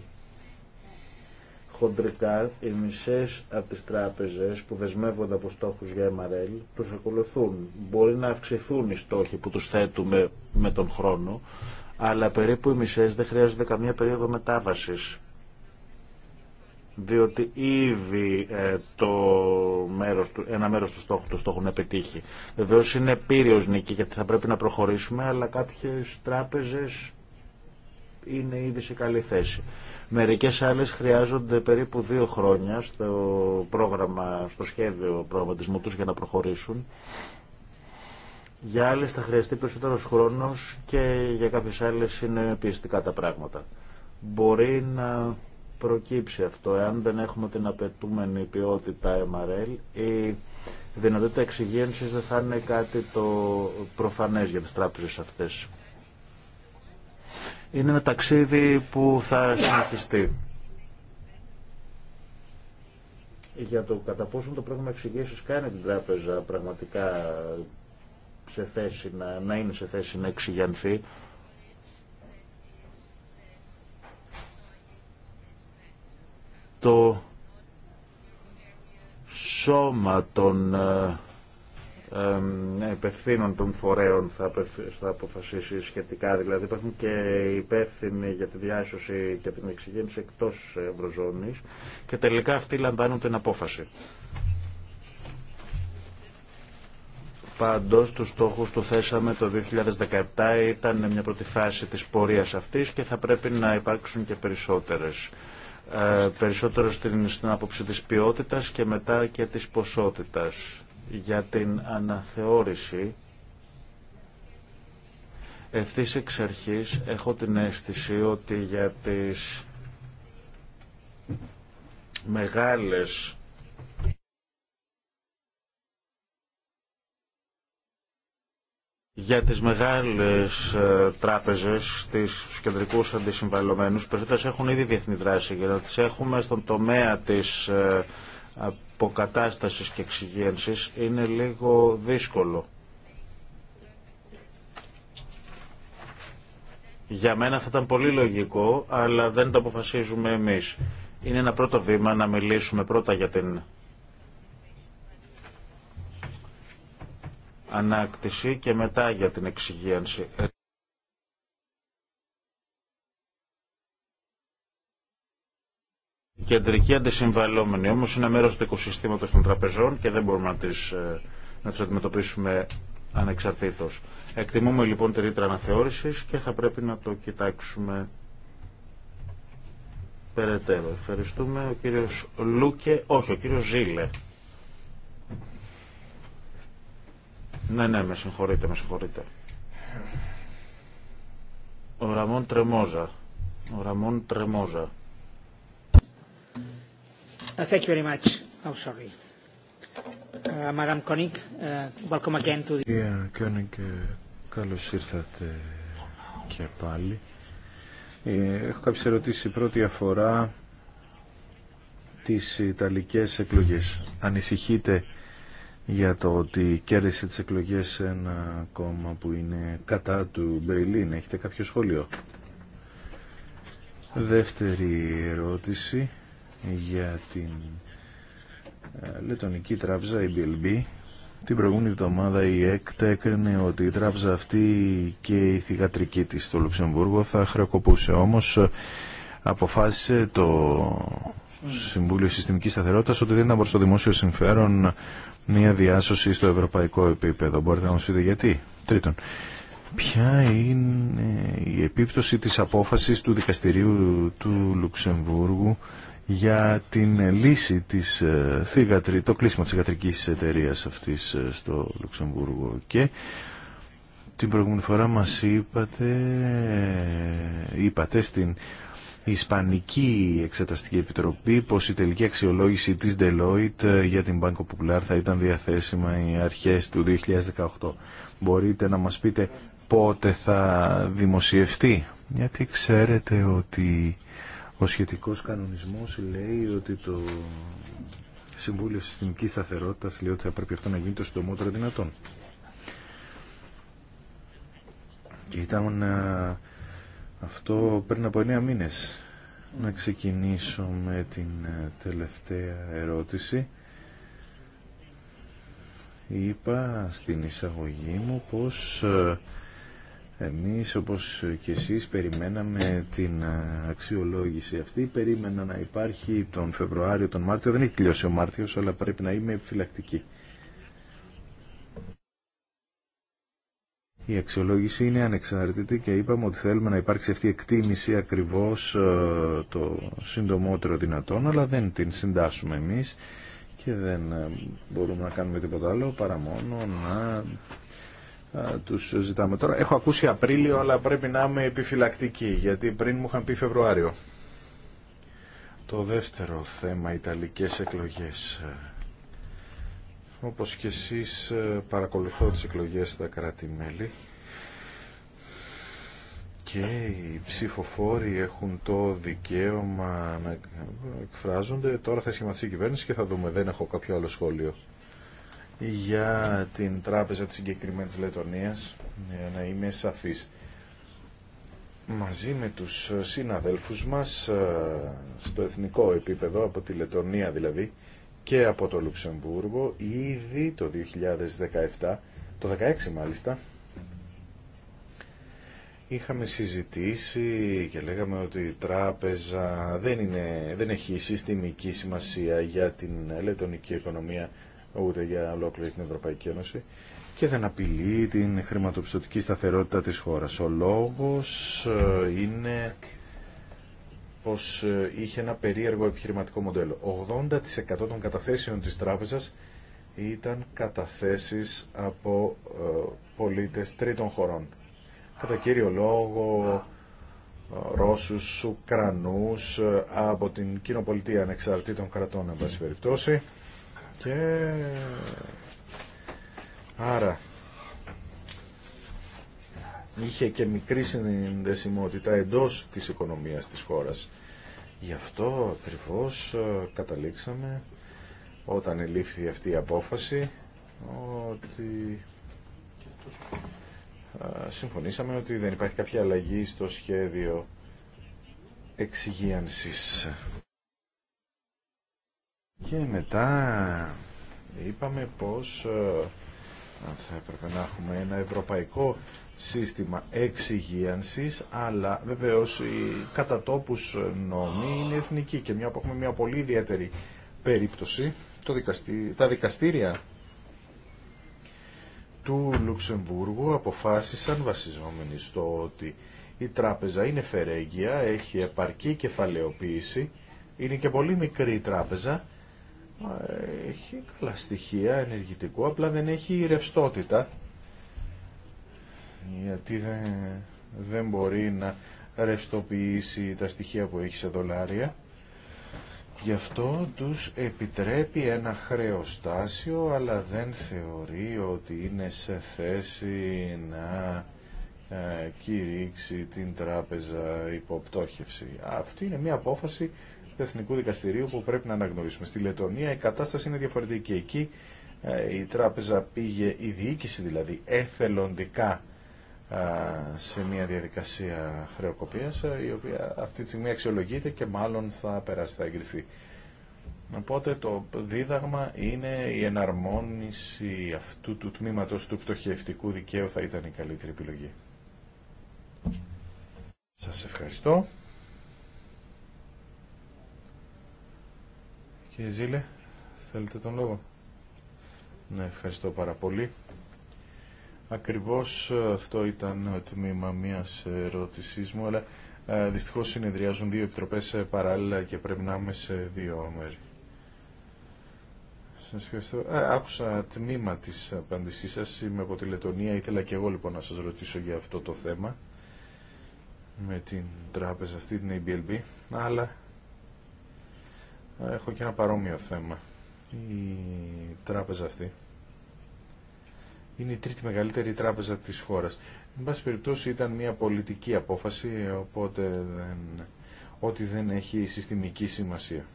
χοντρικά οι μισέ από τις τράπεζες που δεσμεύονται από στόχου για MRL του ακολουθούν. Μπορεί να αυξηθούν οι στόχοι που του θέτουμε με τον χρόνο, αλλά περίπου οι μισέ δεν χρειάζονται καμία περίοδο μετάβασης. Διότι ήδη ε, το μέρος του, ένα μέρος του στόχου του το έχουν πετύχει Βεβαίω είναι πύριο νίκη γιατί θα πρέπει να προχωρήσουμε, αλλά κάποιε τράπεζε είναι ήδη σε καλή θέση. Μερικές άλλες χρειάζονται περίπου δύο χρόνια στο, πρόγραμμα, στο σχέδιο προγραμματισμού τους για να προχωρήσουν. Για άλλες θα χρειαστεί περισσότερος χρόνος και για κάποιες άλλες είναι πιεστικά τα πράγματα. Μπορεί να προκύψει αυτό. Εάν δεν έχουμε την απαιτούμενη ποιότητα MRL, η δυνατότητα εξυγίανσης δεν θα είναι κάτι το προφανές για τις τράπεζες αυτές. Είναι ένα ταξίδι που θα συνεχιστεί. Για το κατά πόσο το πρόγραμμα εξηγήσεις κάνει την τράπεζα πραγματικά σε να, να είναι σε θέση να εξηγιανθεί, το σώμα των ε, υπευθύνων των φορέων θα αποφασίσει σχετικά. Δηλαδή υπάρχουν και υπεύθυνοι για τη διάσωση και την εξυγέννηση εκτός Ευρωζώνης και τελικά αυτοί λαμβάνουν την απόφαση. Πάντως τους στόχους του θέσαμε το 2017 ήταν μια πρώτη φάση της πορείας αυτής και θα πρέπει να υπάρξουν και περισσότερες. Ε, περισσότερο στην, στην άποψη της ποιότητας και μετά και της ποσότητας για την αναθεώρηση ευθύς εξ αρχής έχω την αίσθηση ότι για τις μεγάλες για τις μεγάλες ε, τράπεζες, στις, στους κεντρικούς αντισυμβαλλομένους, περισσότερες έχουν ήδη διεθνή δράση για να τις έχουμε στον τομέα της ε, κατάστασης και εξυγένσης είναι λίγο δύσκολο. Για μένα θα ήταν πολύ λογικό, αλλά δεν το αποφασίζουμε εμείς. Είναι ένα πρώτο βήμα να μιλήσουμε πρώτα για την ανάκτηση και μετά για την εξυγίανση. κεντρική αντισυμβαλόμενη. Όμως είναι μέρος του οικοσυστήματος των τραπεζών και δεν μπορούμε να, τις, ε, να αντιμετωπίσουμε ανεξαρτήτως. Εκτιμούμε λοιπόν τη ρήτρα αναθεώρησης και θα πρέπει να το κοιτάξουμε περαιτέρω. Ευχαριστούμε. Ο κύριος Λούκε, όχι, ο κύριος Ζήλε. Ναι, ναι, με συγχωρείτε, με συγχωρείτε. Ο Ραμόν Τρεμόζα. Ο Ραμόν Τρεμόζα καλώς ήρθατε και πάλι. Ε, έχω κάποιες ερωτήσεις. πρώτη αφορά τις Ιταλικές εκλογές. Ανησυχείτε για το ότι κέρδισε τις εκλογές ένα κόμμα που είναι κατά του Μπεϊλίν. Έχετε κάποιο σχόλιο. Δεύτερη ερώτηση για την ε, λετωνική τράπεζα, η BLB. Την προηγούμενη εβδομάδα η ΕΚΤ έκρινε ότι η τράπεζα αυτή και η θηγατρική της στο Λουξεμβούργο θα χρεοκοπούσε. Όμως ε, αποφάσισε το Συμβούλιο Συστημικής Σταθερότητας ότι δεν ήταν προς το δημόσιο συμφέρον μια διάσωση στο ευρωπαϊκό επίπεδο. Μπορείτε να μου πείτε γιατί. Τρίτον, ποια είναι η επίπτωση της απόφασης του Δικαστηρίου του Λουξεμβούργου για την λύση της ε, θύγατρη, το κλείσμα της θηγατρικής εταιρεία αυτής ε, στο Λουξεμβούργο και την προηγούμενη φορά μας είπατε, ε, είπατε στην Ισπανική Εξεταστική Επιτροπή πως η τελική αξιολόγηση της Deloitte για την Banco Popular θα ήταν διαθέσιμα οι αρχές του 2018. Μπορείτε να μας πείτε πότε θα δημοσιευτεί. Γιατί ξέρετε ότι ο σχετικός κανονισμός λέει ότι το Συμβούλιο Συστημικής Σταθερότητας λέει ότι θα πρέπει αυτό να γίνει το συντομότερο δυνατόν. Και ήταν αυτό πριν από εννέα μήνες. Να ξεκινήσω με την τελευταία ερώτηση. Είπα στην εισαγωγή μου πως εμείς όπως και εσείς περιμέναμε την αξιολόγηση αυτή. Περίμενα να υπάρχει τον Φεβρουάριο, τον Μάρτιο. Δεν έχει τελειώσει ο Μάρτιος, αλλά πρέπει να είμαι επιφυλακτική. Η αξιολόγηση είναι ανεξάρτητη και είπαμε ότι θέλουμε να υπάρξει αυτή η εκτίμηση ακριβώς ε, το συντομότερο δυνατόν, αλλά δεν την συντάσσουμε εμείς και δεν ε, μπορούμε να κάνουμε τίποτα άλλο παρά μόνο να του ζητάμε τώρα. Έχω ακούσει Απρίλιο, αλλά πρέπει να είμαι επιφυλακτική, γιατί πριν μου είχαν πει Φεβρουάριο. Το δεύτερο θέμα, Ιταλικές εκλογές. Όπως και εσείς ε, παρακολουθώ τις εκλογές στα κράτη-μέλη και οι ψηφοφόροι έχουν το δικαίωμα να εκφράζονται. Τώρα θα σχηματιστεί η κυβέρνηση και θα δούμε. Δεν έχω κάποιο άλλο σχόλιο για την τράπεζα της συγκεκριμένη Λετωνίας, για να είμαι σαφής. Μαζί με τους συναδέλφους μας ε, στο εθνικό επίπεδο, από τη Λετωνία δηλαδή, και από το Λουξεμβούργο, ήδη το 2017, το 2016 μάλιστα, είχαμε συζητήσει και λέγαμε ότι η τράπεζα δεν, είναι, δεν έχει συστημική σημασία για την λετωνική οικονομία ούτε για ολόκληρη την Ευρωπαϊκή Ένωση και δεν απειλεί την χρηματοπιστωτική σταθερότητα της χώρας. Ο λόγος ε, είναι πως ε, είχε ένα περίεργο επιχειρηματικό μοντέλο. 80% των καταθέσεων της τράπεζας ήταν καταθέσεις από ε, πολίτες τρίτων χωρών. Κατά κύριο λόγο Ρώσους, Ουκρανούς από την κοινοπολιτεία ανεξαρτήτων κρατών, εν πάση περιπτώσει. Και άρα είχε και μικρή συνδεσιμότητα εντός της οικονομίας της χώρας. Γι' αυτό ακριβώς ε, καταλήξαμε όταν ελήφθη αυτή η απόφαση ότι ε, συμφωνήσαμε ότι δεν υπάρχει κάποια αλλαγή στο σχέδιο εξυγίανσης. Και μετά είπαμε πως ε, θα έπρεπε να έχουμε ένα ευρωπαϊκό σύστημα εξυγίανσης, αλλά βεβαίως οι κατατόπους νόμοι είναι εθνικοί και μια που έχουμε μια πολύ ιδιαίτερη περίπτωση, το δικαστή, τα δικαστήρια του Λουξεμβούργου αποφάσισαν βασιζόμενοι στο ότι η τράπεζα είναι φερέγγια, έχει επαρκή κεφαλαιοποίηση, είναι και πολύ μικρή η τράπεζα έχει καλά στοιχεία ενεργητικού, απλά δεν έχει ρευστότητα γιατί δεν, δεν μπορεί να ρευστοποιήσει τα στοιχεία που έχει σε δολάρια. Γι' αυτό τους επιτρέπει ένα χρεοστάσιο, αλλά δεν θεωρεί ότι είναι σε θέση να ε, κηρύξει την τράπεζα υποπτώχευση. Αυτή είναι μια απόφαση του Εθνικού Δικαστηρίου που πρέπει να αναγνωρίσουμε. Στη Λετωνία η κατάσταση είναι διαφορετική. Εκεί ε, η τράπεζα πήγε, η διοίκηση δηλαδή, εθελοντικά σε μια διαδικασία χρεοκοπίας ε, η οποία αυτή τη στιγμή αξιολογείται και μάλλον θα περάσει, θα εγκριθεί. Οπότε το δίδαγμα είναι η εναρμόνιση αυτού του τμήματος του πτωχευτικού δικαίου θα ήταν η καλύτερη επιλογή. Σας ευχαριστώ. Κύριε Ζήλε, θέλετε τον λόγο. Ναι, ευχαριστώ πάρα πολύ. Ακριβώς ε, αυτό ήταν το ε, τμήμα μιας ερώτησής μου, αλλά ε, δυστυχώς συνεδριάζουν δύο επιτροπές παράλληλα και πρέπει να είμαι σε δύο μέρη. Σας ευχαριστώ. άκουσα τμήμα της απάντησής σας, είμαι από τη Λετωνία, ήθελα και εγώ λοιπόν να σας ρωτήσω για αυτό το θέμα με την τράπεζα αυτή, την ABLB, αλλά Έχω και ένα παρόμοιο θέμα. Η τράπεζα αυτή είναι η τρίτη μεγαλύτερη τράπεζα της χώρας. Εν πάση περιπτώσει ήταν μια πολιτική απόφαση, οπότε δεν, ότι δεν έχει συστημική σημασία.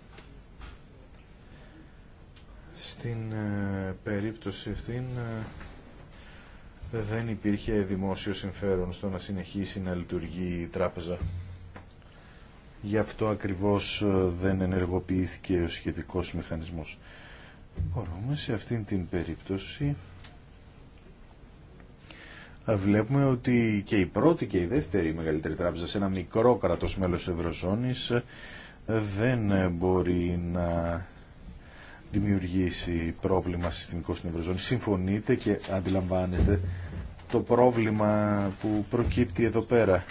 Στην ε, περίπτωση αυτήν ε, δεν υπήρχε δημόσιο συμφέρον στο να συνεχίσει να λειτουργεί η τράπεζα. Γι' αυτό ακριβώς ε, δεν ενεργοποιήθηκε ο σχετικός μηχανισμός. Μπορούμε σε αυτήν την περίπτωση βλέπουμε ότι και η πρώτη και η δεύτερη μεγαλύτερη τράπεζα σε ένα μικρό κρατός μέλος Ευρωζώνης ε, δεν μπορεί να δημιουργήσει πρόβλημα συστημικό στην Ευρωζώνη. Συμφωνείτε και αντιλαμβάνεστε το πρόβλημα που προκύπτει εδώ πέρα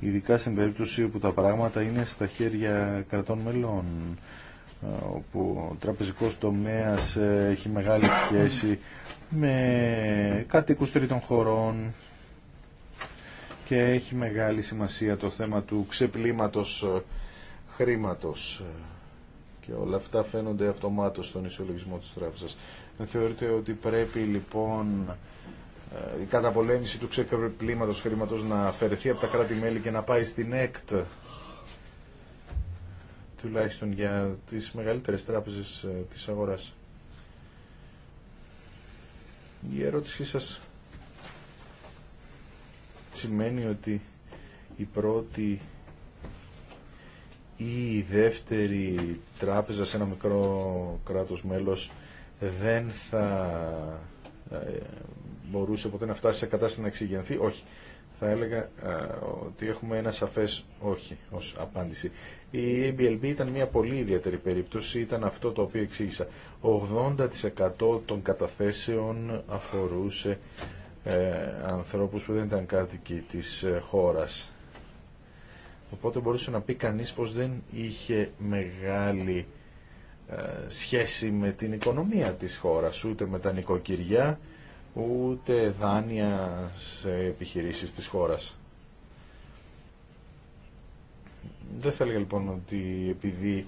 ειδικά στην περίπτωση όπου τα πράγματα είναι στα χέρια κρατών μελών ε, όπου ο τραπεζικός τομέας ε, έχει μεγάλη σχέση με κατοίκους τρίτων χωρών και έχει μεγάλη σημασία το θέμα του ξεπλήματος ε, χρήματος και όλα αυτά φαίνονται αυτομάτως στον ισολογισμό της τράπεζας. Θεωρείτε ότι πρέπει λοιπόν ε, η καταπολέμηση του ξεκρεπλήματος χρήματος να αφαιρεθεί από τα κράτη-μέλη και να πάει στην ΕΚΤ τουλάχιστον για τις μεγαλύτερες τράπεζες ε, της αγοράς. Η ερώτησή σας σημαίνει ότι η πρώτη ή η δεύτερη τράπεζα σε ένα μικρό κράτος μέλος δεν θα ε, μπορούσε ποτέ να φτάσει σε κατάσταση να εξηγενθεί. Όχι. Θα έλεγα ότι έχουμε ένα σαφές όχι ως απάντηση. Η ABLB ήταν μια πολύ ιδιαίτερη περίπτωση, ήταν αυτό το οποίο εξήγησα. 80% των καταθέσεων αφορούσε ε, ανθρώπους που δεν ήταν κάτοικοι της ε, χώρας. Οπότε μπορούσε να πει κανείς πως δεν είχε μεγάλη ε, σχέση με την οικονομία της χώρας, ούτε με τα νοικοκυριά, ούτε δάνεια σε επιχειρήσεις της χώρας. Δεν θα έλεγα λοιπόν ότι επειδή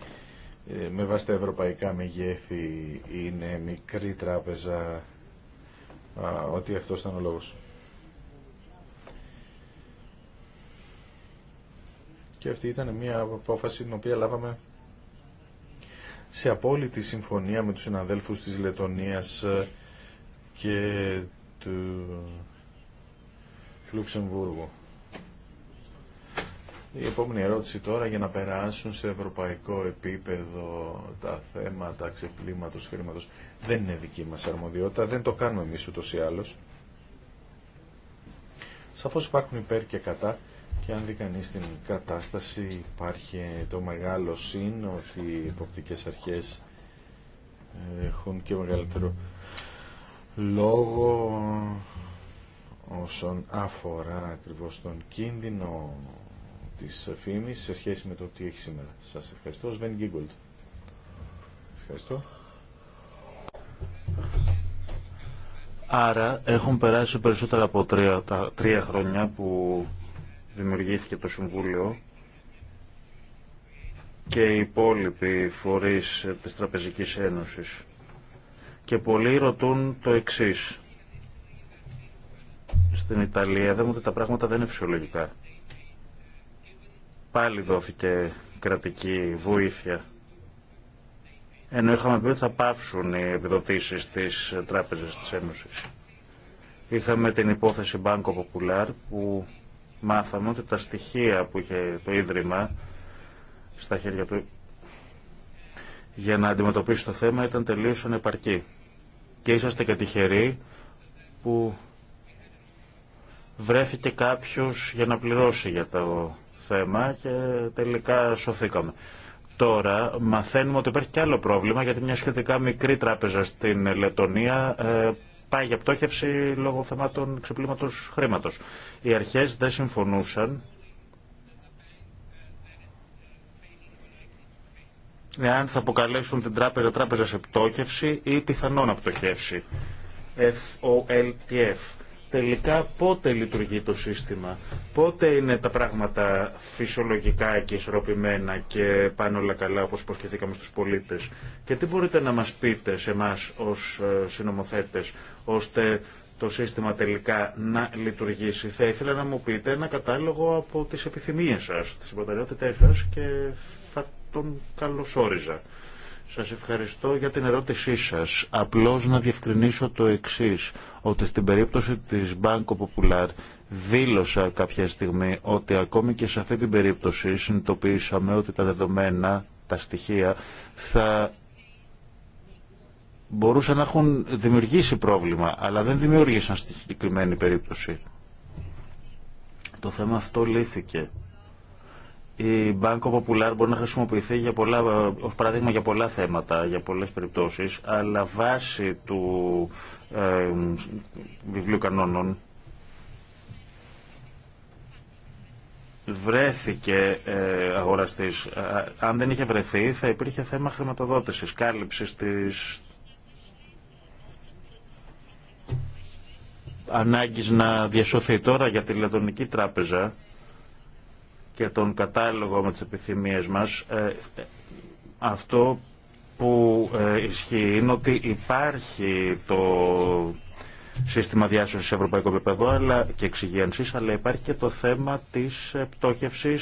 ε, με βάση τα ευρωπαϊκά μεγέθη είναι μικρή τράπεζα ότι αυτό ήταν ο λόγος. Και αυτή ήταν μια απόφαση την οποία λάβαμε σε απόλυτη συμφωνία με τους συναδέλφους της Λετωνίας ε, και του Λουξεμβούργου. Η επόμενη ερώτηση τώρα για να περάσουν σε ευρωπαϊκό επίπεδο τα θέματα ξεπλήματος χρήματος δεν είναι δική μας αρμοδιότητα, δεν το κάνουμε εμείς ούτως ή άλλως. Σαφώς υπάρχουν υπέρ και κατά και αν δει κανείς την κατάσταση υπάρχει το μεγάλο συν ότι οι υποπτικές αρχές έχουν και μεγαλύτερο λόγω όσον αφορά ακριβώς τον κίνδυνο της φήμης σε σχέση με το τι έχει σήμερα. Σας ευχαριστώ, Σβέν Γκίγκολτ. Ευχαριστώ. Άρα έχουν περάσει περισσότερα από τρία, τα τρία χρόνια που δημιουργήθηκε το Συμβούλιο και οι υπόλοιποι φορείς της Τραπεζικής Ένωσης. Και πολλοί ρωτούν το εξή. Στην Ιταλία δεν ότι τα πράγματα δεν είναι φυσιολογικά. Πάλι δόθηκε κρατική βοήθεια. Ενώ είχαμε πει ότι θα πάυσουν οι επιδοτήσεις της Τράπεζας της Ένωσης. Είχαμε την υπόθεση Banco Popular που μάθαμε ότι τα στοιχεία που είχε το Ίδρυμα στα χέρια του για να αντιμετωπίσει το θέμα ήταν τελείως ανεπαρκή. Και είσαστε και τυχεροί που βρέθηκε κάποιος για να πληρώσει για το θέμα και τελικά σωθήκαμε. Τώρα μαθαίνουμε ότι υπάρχει και άλλο πρόβλημα γιατί μια σχετικά μικρή τράπεζα στην Λετωνία ε, πάει για πτώχευση λόγω θεμάτων ξεπλήματος χρήματος. Οι αρχές δεν συμφωνούσαν εάν θα αποκαλέσουν την τράπεζα τράπεζα σε πτώχευση ή πιθανόν απτωχεύση. FOLTF. Τελικά πότε λειτουργεί το σύστημα, πότε είναι τα πράγματα φυσιολογικά και ισορροπημένα και πάνε όλα καλά όπως υποσχεθήκαμε στους πολίτες και τι μπορείτε να μας πείτε σε εμά ως ε, συνομοθέτες ώστε το σύστημα τελικά να λειτουργήσει. Θα ήθελα να μου πείτε ένα κατάλογο από τις επιθυμίες σας, τις υποτεραιότητές σας και τον καλωσόριζα. Σας ευχαριστώ για την ερώτησή σας. Απλώς να διευκρινίσω το εξής, ότι στην περίπτωση της Banco Popular δήλωσα κάποια στιγμή ότι ακόμη και σε αυτή την περίπτωση συνειδητοποιήσαμε ότι τα δεδομένα, τα στοιχεία θα μπορούσαν να έχουν δημιουργήσει πρόβλημα, αλλά δεν δημιούργησαν στη συγκεκριμένη περίπτωση. Το θέμα αυτό λύθηκε η Banco Popular μπορεί να χρησιμοποιηθεί για πολλά, ως παράδειγμα για πολλά θέματα, για πολλές περιπτώσεις, αλλά βάσει του ε, βιβλίου κανόνων βρέθηκε ε, αγοραστής. Ε, αν δεν είχε βρεθεί θα υπήρχε θέμα χρηματοδότησης, κάλυψης της, ανάγκης να διασωθεί τώρα για τη Λετωνική Τράπεζα και τον κατάλογο με τις επιθυμίες μας, ε, αυτό που ε, ισχύει είναι ότι υπάρχει το σύστημα διάσωση σε ευρωπαϊκό επίπεδο αλλά και εξυγίανση, αλλά υπάρχει και το θέμα τη πτώχευση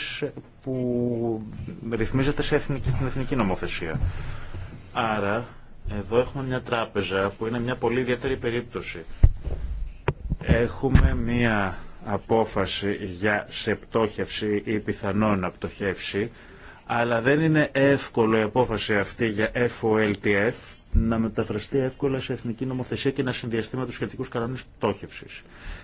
που ρυθμίζεται σε εθνική, στην εθνική νομοθεσία. Άρα, εδώ έχουμε μια τράπεζα που είναι μια πολύ ιδιαίτερη περίπτωση. Έχουμε μια απόφαση για σεπτόχευση ή πιθανόν απτοχεύση, αλλά δεν είναι εύκολο η απόφαση αυτή για FOLTF να μεταφραστεί εύκολα σε εθνική νομοθεσία και να συνδυαστεί με του σχετικού κανόνε πτώχευσης.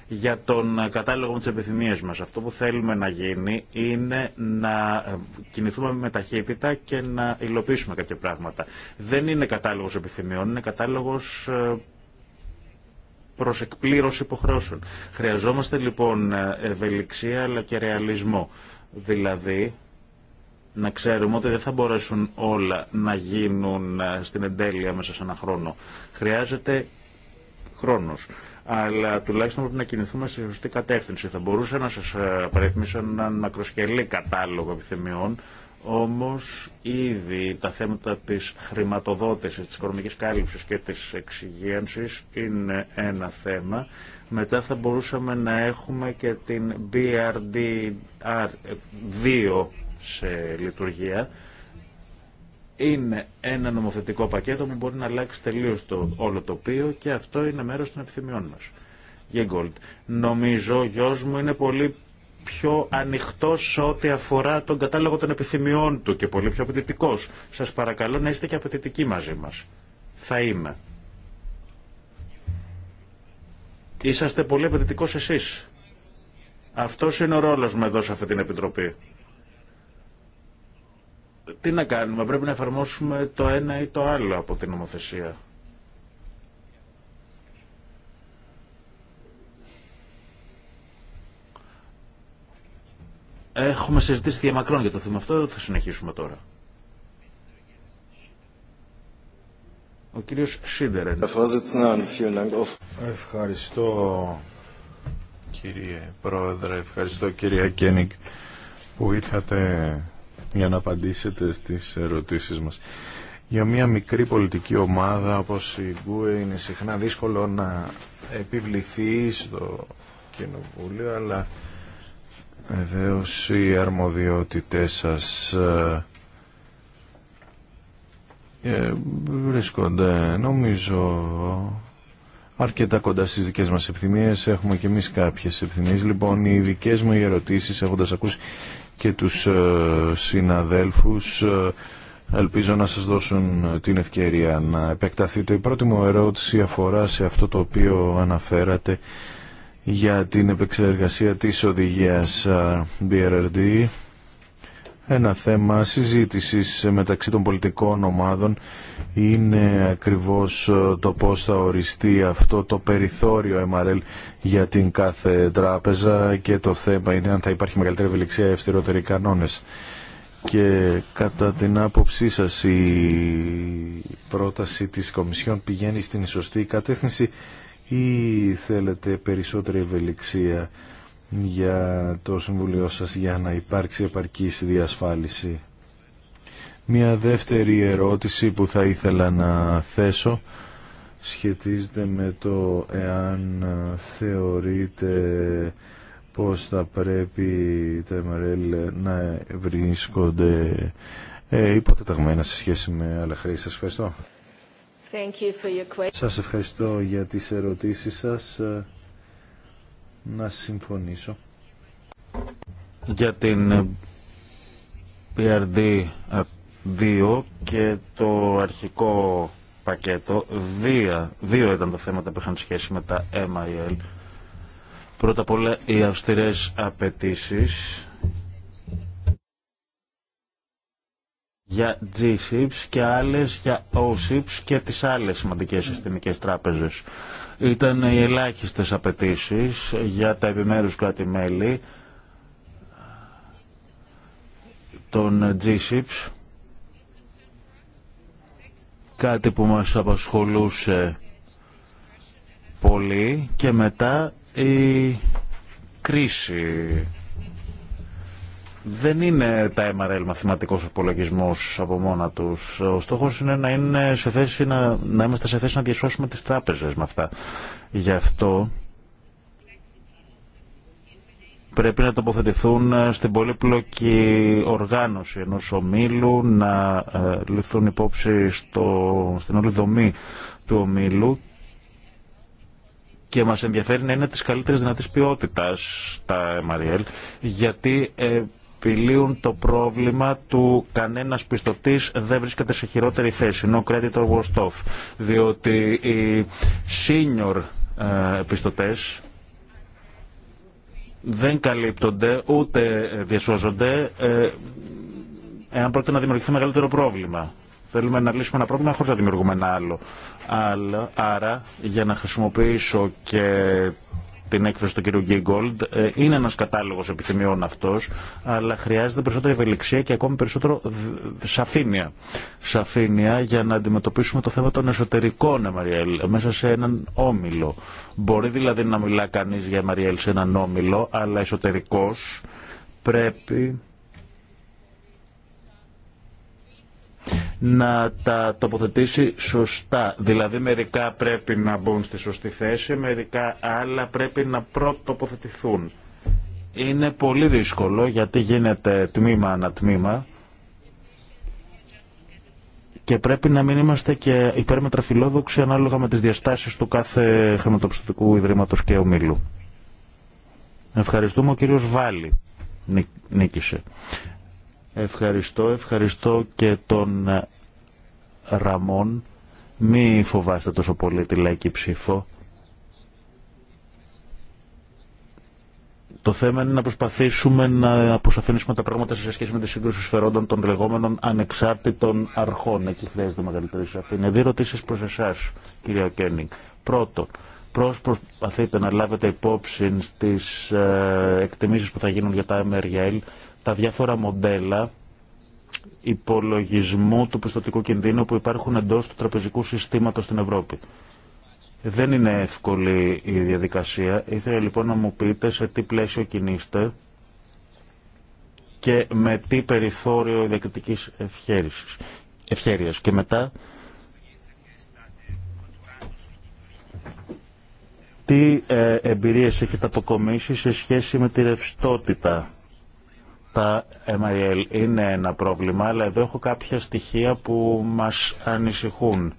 Για τον κατάλογο με επιθυμίας μας αυτό που θέλουμε να γίνει είναι να κινηθούμε με ταχύτητα και να υλοποιήσουμε κάποια πράγματα. Δεν είναι κατάλογος επιθυμιών, είναι κατάλογο ε, προ εκπλήρωση υποχρεώσεων. Χρειαζόμαστε λοιπόν ευελιξία αλλά και ρεαλισμό. Δηλαδή να ξέρουμε ότι δεν θα μπορέσουν όλα να γίνουν ε, στην εντέλεια μέσα σε ένα χρόνο. Χρειάζεται χρόνος. Αλλά τουλάχιστον πρέπει να κινηθούμε στη σωστή κατεύθυνση. Θα μπορούσα να σας ε, παρεθμίσω έναν μακροσκελή κατάλογο επιθυμιών όμως ήδη τα θέματα της χρηματοδότησης, της οικονομικής κάλυψης και της εξυγίανσης είναι ένα θέμα. Μετά θα μπορούσαμε να έχουμε και την brd 2 σε λειτουργία. Είναι ένα νομοθετικό πακέτο που μπορεί να αλλάξει τελείως το όλο τοπίο και αυτό είναι μέρος των επιθυμιών μας. Νομίζω ο γιος μου είναι πολύ πιο ανοιχτό ό,τι αφορά τον κατάλογο των επιθυμιών του και πολύ πιο απαιτητικό. Σα παρακαλώ να είστε και απαιτητικοί μαζί μα. Θα είμαι. Είσαστε πολύ απαιτητικό εσεί. Αυτό είναι ο ρόλο μου εδώ σε αυτή την επιτροπή. Τι να κάνουμε, πρέπει να εφαρμόσουμε το ένα ή το άλλο από την νομοθεσία. Έχουμε συζητήσει διαμακρών για το θέμα αυτό, δεν θα συνεχίσουμε τώρα. Ο κύριος Σίντερεν. Ευχαριστώ κύριε Πρόεδρε, ευχαριστώ κύριε Κένικ που ήρθατε για να απαντήσετε στις ερωτήσεις μας. Για μια μικρή πολιτική ομάδα όπως η Γκουε είναι συχνά δύσκολο να επιβληθεί στο Κοινοβούλιο, αλλά Βεβαίω οι αρμοδιότητές σας ε, ε, βρίσκονται νομίζω αρκετά κοντά στις δικές μας επιθυμίες. Έχουμε και εμείς κάποιες επιθυμίες. Λοιπόν, οι δικές μου ερωτήσεις έχοντας ακούσει και τους ε, συναδέλφους ελπίζω να σας δώσουν την ευκαιρία να επεκταθείτε. Η πρώτη μου ερώτηση αφορά σε αυτό το οποίο αναφέρατε για την επεξεργασία της οδηγίας BRRD. Ένα θέμα συζήτησης μεταξύ των πολιτικών ομάδων είναι ακριβώς το πώς θα οριστεί αυτό το περιθώριο MRL για την κάθε τράπεζα και το θέμα είναι αν θα υπάρχει μεγαλύτερη ευελιξία ευστηρότεροι κανόνες. Και κατά την άποψή σας η πρόταση της Κομισιόν πηγαίνει στην σωστή κατεύθυνση ή θέλετε περισσότερη ευελιξία για το Συμβουλίο σας για να υπάρξει επαρκής διασφάλιση. Μια δεύτερη ερώτηση που θα ήθελα να θέσω σχετίζεται με το εάν θεωρείτε πως θα πρέπει τα MRL να βρίσκονται ε, υποτεταγμένα σε σχέση με άλλα χρήση. ευχαριστώ σας ευχαριστώ για τις ερωτήσεις σας. Ε, να συμφωνήσω. Για την ε, PRD2 ε, και το αρχικό πακέτο, δύο, δύο ήταν τα θέματα που είχαν σχέση με τα MIL. Πρώτα απ' όλα οι αυστηρές απαιτήσεις... για G-SIPs και άλλες για O-SIPs και τις άλλες σημαντικές συστημικές τράπεζες. Ήταν οι ελάχιστες απαιτήσει για τα επιμέρους κράτη-μέλη των G-SIPs, κάτι που μας απασχολούσε πολύ και μετά η κρίση δεν είναι τα MRL μαθηματικός υπολογισμός από μόνα τους. Ο στόχος είναι να, είναι σε να, να είμαστε σε θέση να διασώσουμε τις τράπεζες με αυτά. Γι' αυτό πρέπει να τοποθετηθούν στην πολύπλοκη οργάνωση ενός ομίλου, να ε, ληφθούν υπόψη στο, στην όλη δομή του ομίλου και μας ενδιαφέρει να είναι της καλύτερης δυνατής ποιότητας τα MRL, γιατί ε, επιλύουν το πρόβλημα του κανένας πιστωτής δεν βρίσκεται σε χειρότερη θέση, no creditor worst off, διότι οι senior ε, πιστωτές δεν καλύπτονται ούτε διασώζονται ε, εάν πρόκειται να δημιουργηθεί μεγαλύτερο πρόβλημα. Θέλουμε να λύσουμε ένα πρόβλημα χωρίς να δημιουργούμε ένα άλλο. άρα, για να χρησιμοποιήσω και την έκθεση του κ. Ε, είναι ένα κατάλογο επιθυμιών αυτό, αλλά χρειάζεται περισσότερη ευελιξία και ακόμη περισσότερο σαφήνεια. Σαφήνεια για να αντιμετωπίσουμε το θέμα των εσωτερικών, Εμαριέλ, μέσα σε έναν όμιλο. Μπορεί δηλαδή να μιλά κανεί για Μαριέλ σε έναν όμιλο, αλλά εσωτερικό πρέπει να τα τοποθετήσει σωστά. Δηλαδή μερικά πρέπει να μπουν στη σωστή θέση, μερικά άλλα πρέπει να προτοποθετηθούν. Είναι πολύ δύσκολο γιατί γίνεται τμήμα ανά τμήμα και πρέπει να μην είμαστε και υπέρμετρα φιλόδοξοι ανάλογα με τις διαστάσεις του κάθε χρηματοπιστωτικού ιδρύματος και ομίλου. Ευχαριστούμε ο κύριος Βάλλη νίκησε. Ευχαριστώ, ευχαριστώ και τον Ραμόν. Μη φοβάστε τόσο πολύ τη λαϊκή ψήφο. Το θέμα είναι να προσπαθήσουμε να αποσαφηνίσουμε τα πράγματα σε σχέση με τη σύγκρουση σφαιρόντων των λεγόμενων ανεξάρτητων αρχών. Εκεί χρειάζεται μεγαλύτερη σαφήνεια. Δύο ερωτήσει προ εσά, κυρία Κένινγκ. Πρώτον, προσπαθείτε να λάβετε υπόψη στις ε, εκτιμήσει που θα γίνουν για τα MRL τα διάφορα μοντέλα υπολογισμού του πιστοτικού κινδύνου που υπάρχουν εντός του τραπεζικού συστήματος στην Ευρώπη. Δεν είναι εύκολη η διαδικασία. Ήθελα λοιπόν να μου πείτε σε τι πλαίσιο κινείστε και με τι περιθώριο διακριτικής ευχέρειας. Και μετά, τι ε, εμπειρίες έχετε αποκομίσει σε σχέση με τη ρευστότητα τα MIL είναι ένα πρόβλημα, αλλά εδώ έχω κάποια στοιχεία που μας ανησυχούν.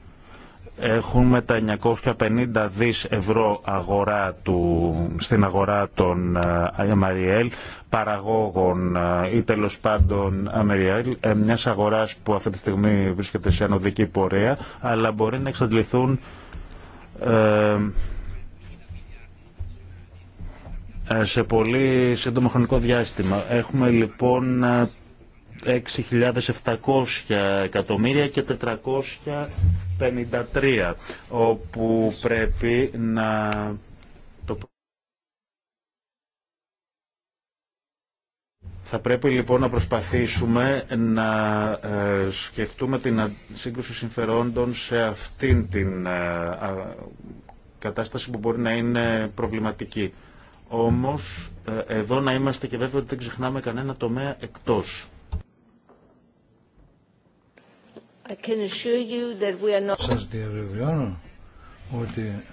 Έχουμε τα 950 δις ευρώ αγορά του, στην αγορά των ε, MRL, παραγόγων ε, ή τέλο πάντων MRL, ε, μιας αγοράς που αυτή τη στιγμή βρίσκεται σε ανωδική πορεία, αλλά μπορεί να εξαντληθούν ε, σε πολύ σύντομο χρονικό διάστημα. Έχουμε λοιπόν 6.700 ε, εκατομμύρια και 453 όπου πρέπει να Θα πρέπει λοιπόν να προσπαθήσουμε να ε, σκεφτούμε την σύγκρουση συμφερόντων σε αυτήν την κατάσταση που μπορεί να είναι προβληματική όμως ε, εδώ να είμαστε και βέβαια ότι δεν ξεχνάμε κανένα τομέα εκτός. I not... Σας διαβεβαιώνω ότι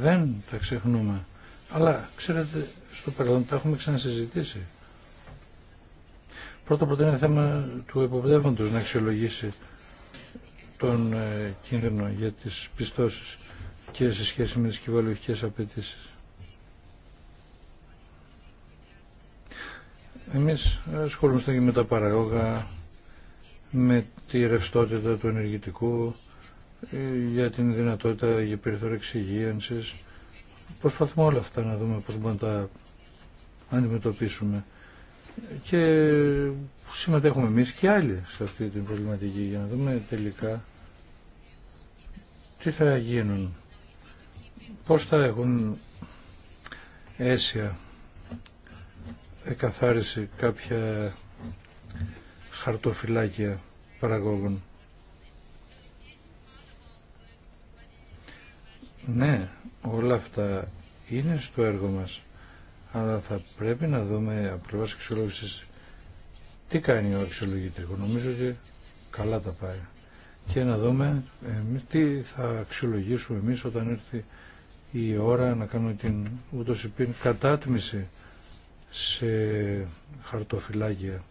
δεν τα ξεχνούμε. Αλλά ξέρετε, στο παρελθόν τα έχουμε ξανασυζητήσει. Πρώτα απ' είναι θέμα του εποπτεύοντος να αξιολογήσει τον ε, κίνδυνο για τις πιστώσεις και σε σχέση με τις κυβερνητικές απαιτήσεις. Εμείς ασχολούμαστε και με τα παραγόγα, με τη ρευστότητα του ενεργητικού, ε, για την δυνατότητα για περιθώρια εξυγίανσης. Προσπαθούμε όλα αυτά να δούμε πώς μπορούμε να τα αντιμετωπίσουμε. Και συμμετέχουμε εμείς και άλλοι σε αυτή την προβληματική για να δούμε τελικά τι θα γίνουν, πώς θα έχουν αίσια εκαθάρισε κάποια χαρτοφυλάκια παραγόγων. Ναι, όλα αυτά είναι στο έργο μας, αλλά θα πρέπει να δούμε από πλευράς αξιολόγησης τι κάνει ο αξιολογητρικό. Νομίζω ότι καλά τα πάει. Και να δούμε τι θα αξιολογήσουμε εμείς όταν έρθει η ώρα να κάνουμε την ούτως κατάτμηση. κατάτμιση σε χαρτοφυλάκια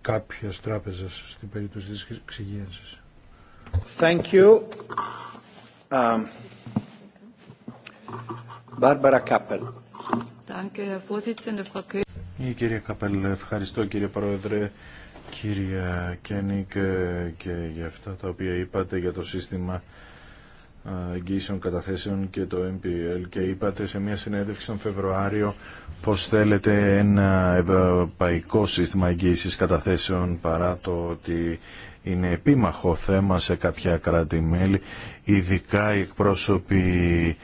κάποια τράπεζα στην περίπτωση τη εξυγίανση. Thank you. Um, Barbara Η κυρία Καπέλ, ευχαριστώ κύριε Πρόεδρε, κύρια Κένικ ε, και για αυτά τα οποία είπατε για το σύστημα εγγύσεων καταθέσεων και το MPL και είπατε σε μια συνέντευξη τον Φεβρουάριο πως θέλετε ένα ευρωπαϊκό σύστημα εγγύησης καταθέσεων παρά το ότι είναι επίμαχο θέμα σε κάποια κράτη-μέλη, ειδικά οι εκπρόσωποι